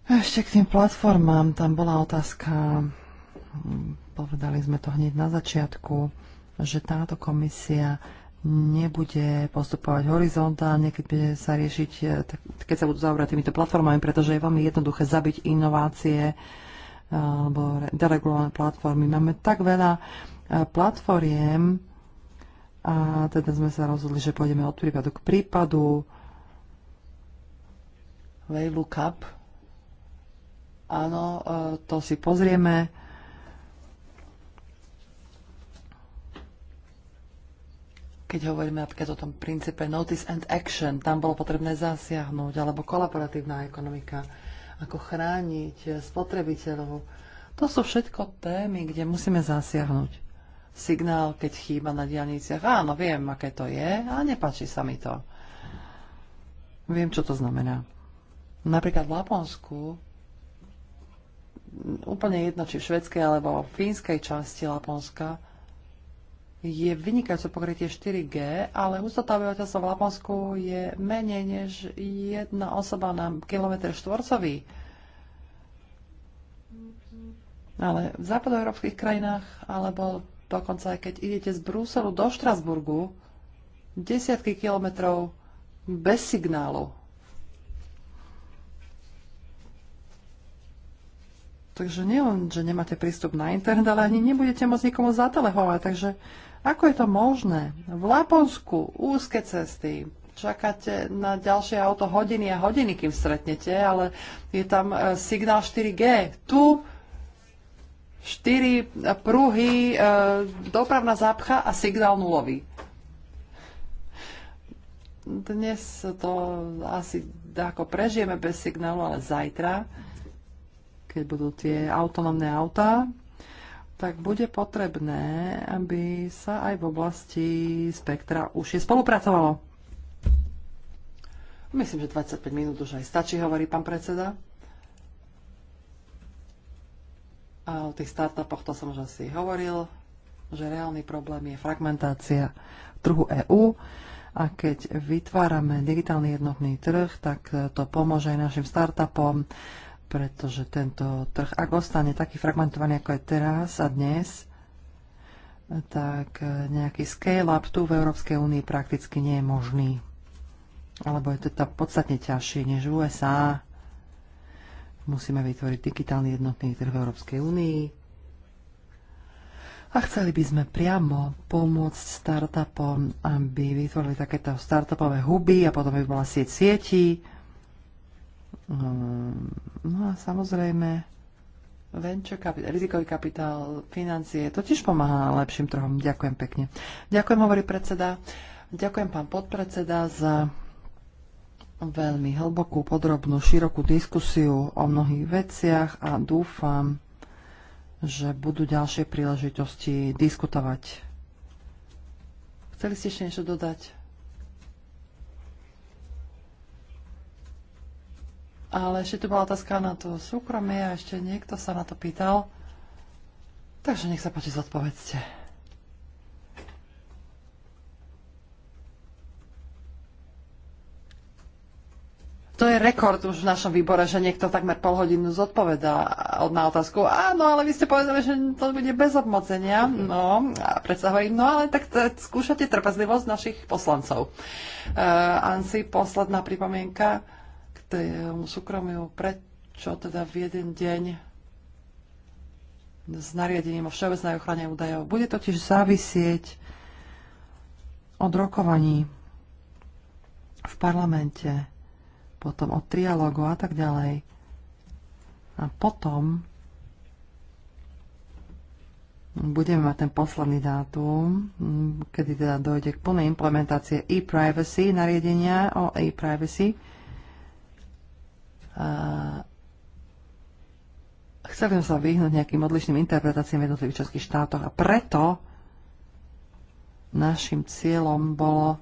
Ešte k tým platformám, tam bola otázka hm, Povedali sme to hneď na začiatku, že táto komisia nebude postupovať horizontálne, keď bude sa riešiť, e, keď sa budú zaobrať týmito platformami, pretože je veľmi jednoduché zabiť inovácie e, alebo deregulované platformy. Máme tak veľa e, platformiem a teda sme sa rozhodli, že pôjdeme od prípadu k prípadu. Look Up. Áno, to si pozrieme keď hovoríme napríklad o tom princípe notice and action, tam bolo potrebné zasiahnuť, alebo kolaboratívna ekonomika, ako chrániť spotrebiteľov. To sú všetko témy, kde musíme zasiahnuť. Signál, keď chýba na diálniciach, áno, viem, aké to je a nepáči sa mi to. Viem, čo to znamená. Napríklad v Laponsku úplne jedno, či v švedskej alebo v fínskej časti Laponska, je vynikajúce pokrytie 4G, ale hustota obyvateľstva v Laponsku je menej než jedna osoba na kilometr štvorcový. Ale v západoeurópskych krajinách, alebo dokonca aj keď idete z Bruselu do Štrasburgu, desiatky kilometrov bez signálu. Takže len, že nemáte prístup na internet, ale ani nebudete môcť nikomu zatelehovať. Takže ako je to možné? V Laponsku úzke cesty, čakáte na ďalšie auto hodiny a hodiny, kým stretnete, ale je tam e, signál 4G. Tu štyri pruhy, e, dopravná zápcha a signál nulový. Dnes to asi ako prežijeme bez signálu, ale zajtra, keď budú tie autonómne autá, tak bude potrebné, aby sa aj v oblasti spektra už je spolupracovalo. Myslím, že 25 minút už aj stačí, hovorí pán predseda. A o tých startupoch to som už asi hovoril, že reálny problém je fragmentácia trhu EÚ a keď vytvárame digitálny jednotný trh, tak to pomôže aj našim startupom pretože tento trh, ak ostane taký fragmentovaný, ako je teraz a dnes, tak nejaký scale-up tu v Európskej únii prakticky nie je možný. Alebo je to teda podstatne ťažšie než v USA. Musíme vytvoriť digitálny jednotný trh v Európskej únii. A chceli by sme priamo pomôcť startupom, aby vytvorili takéto startupové huby a potom by bola sieť sietí Ehm, no a samozrejme, venture capital, rizikový kapitál, financie, to tiež pomáha lepším trhom. Ďakujem pekne. Ďakujem, hovorí predseda. Ďakujem, pán podpredseda, za veľmi hlbokú, podrobnú, širokú diskusiu o mnohých veciach a dúfam, že budú ďalšie príležitosti diskutovať. Chceli ste ešte niečo dodať? Ale ešte tu bola otázka na to súkromie a ešte niekto sa na to pýtal. Takže nech sa páči, zodpovedzte. To je rekord už v našom výbore, že niekto takmer pol hodinu zodpovedá na otázku. Áno, ale vy ste povedali, že to bude bez obmocenia. No, a predsa hovorím, no ale tak skúšate trpezlivosť našich poslancov. Uh, Ansi, posledná pripomienka tému súkromiu, prečo teda v jeden deň s nariadením o všeobecnej ochrane údajov. Bude totiž závisieť od rokovaní v parlamente, potom od trialógu a tak ďalej. A potom budeme mať ten posledný dátum, kedy teda dojde k plnej implementácie e-privacy, nariadenia o e-privacy. A chceli som sa vyhnúť nejakým odlišným interpretáciám v jednotlivých českých štátoch a preto našim cieľom bolo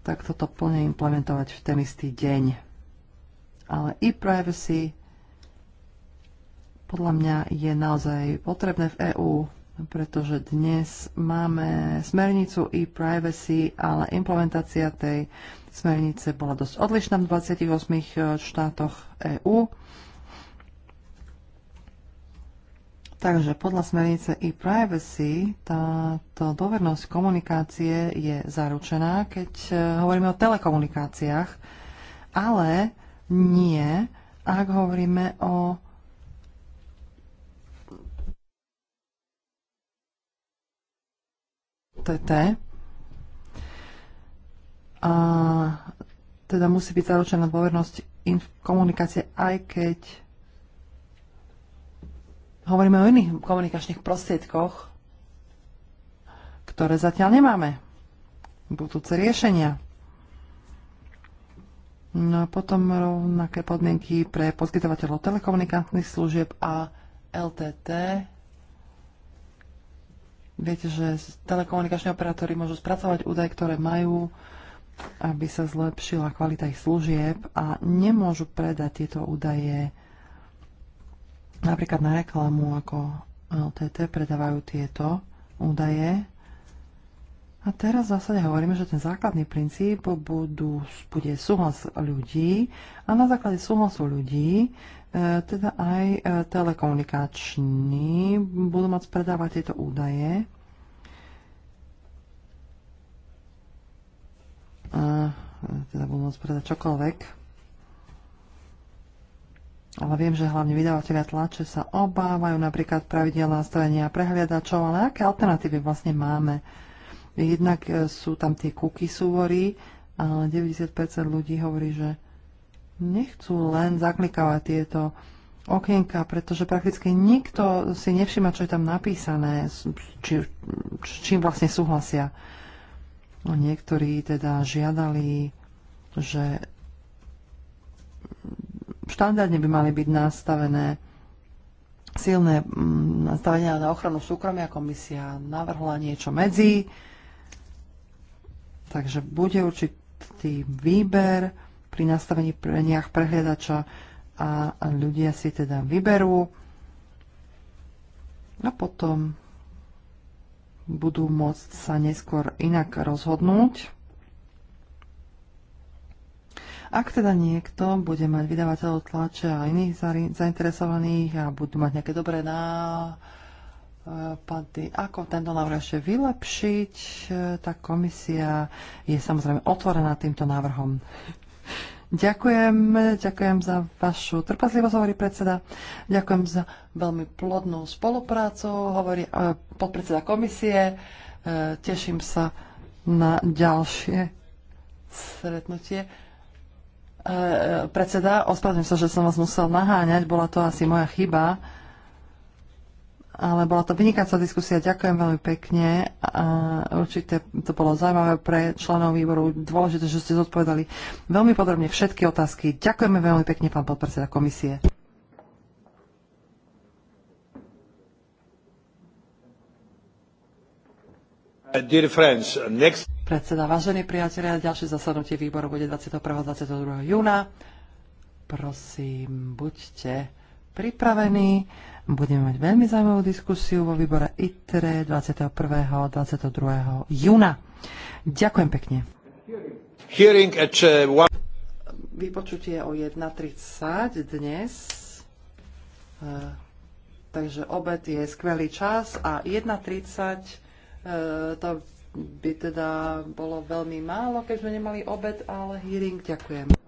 tak toto plne implementovať v ten istý deň. Ale e-privacy podľa mňa je naozaj potrebné v EÚ, pretože dnes máme smernicu e-privacy, ale implementácia tej smernice bola dosť odlišná v 28 eh, štátoch EÚ. Takže podľa smernice e-privacy táto dôvernosť komunikácie je zaručená, keď eh, hovoríme o telekomunikáciách, ale nie, ak hovoríme o TT, a teda musí byť zaručená dôvernosť komunikácie, aj keď hovoríme o iných komunikačných prostriedkoch, ktoré zatiaľ nemáme. Budúce riešenia. No a potom rovnaké podmienky pre poskytovateľov telekomunikantných služieb a LTT. Viete, že telekomunikační operátori môžu spracovať údaje, ktoré majú aby sa zlepšila kvalita ich služieb a nemôžu predať tieto údaje napríklad na reklamu, ako LTT predávajú tieto údaje. A teraz v zásade hovoríme, že ten základný princíp budú, bude súhlas ľudí a na základe súhlasu ľudí, e, teda aj e, telekomunikační, budú môcť predávať tieto údaje a teda budú môcť predať čokoľvek. Ale viem, že hlavne vydavateľia tlače sa obávajú napríklad pravidel nastavenia prehliadačov, ale aké alternatívy vlastne máme? Jednak e, sú tam tie kuky súvory, ale 90% ľudí hovorí, že nechcú len zaklikávať tieto okienka, pretože prakticky nikto si nevšíma, čo je tam napísané, či, čím vlastne súhlasia. No, niektorí teda žiadali, že štandardne by mali byť nastavené silné mm, nastavenia na ochranu súkromia. Komisia navrhla niečo medzi. Takže bude určitý výber pri nastavení preniach prehliadača a ľudia si teda vyberú. A potom budú môcť sa neskôr inak rozhodnúť. Ak teda niekto bude mať vydavateľov tlače a iných zainteresovaných a budú mať nejaké dobré nápady, ako tento návrh ešte vylepšiť, tak komisia je samozrejme otvorená týmto návrhom. Ďakujem, ďakujem za vašu trpazlivosť, hovorí predseda. Ďakujem za veľmi plodnú spoluprácu, hovorí e, podpredseda komisie. E, teším sa na ďalšie stretnutie. E, predseda, ospravedlňujem sa, že som vás musel naháňať, bola to asi moja chyba ale bola to vynikajúca diskusia. Ďakujem veľmi pekne. A určite to bolo zaujímavé pre členov výboru. Dôležité, že ste zodpovedali veľmi podrobne všetky otázky. Ďakujeme veľmi pekne, pán podpredseda komisie. Uh, friends, uh, next... Predseda, vážení priatelia, ďalšie zasadnutie výboru bude 21. 22. júna. Prosím, buďte pripravení. Budeme mať veľmi zaujímavú diskusiu vo výbore ITRE 21. a 22. júna. Ďakujem pekne. Hearing at, uh, Vypočutie o 1.30 dnes. Uh, takže obed je skvelý čas a 1.30 e, to by teda bolo veľmi málo, keď sme nemali obed, ale hearing ďakujem.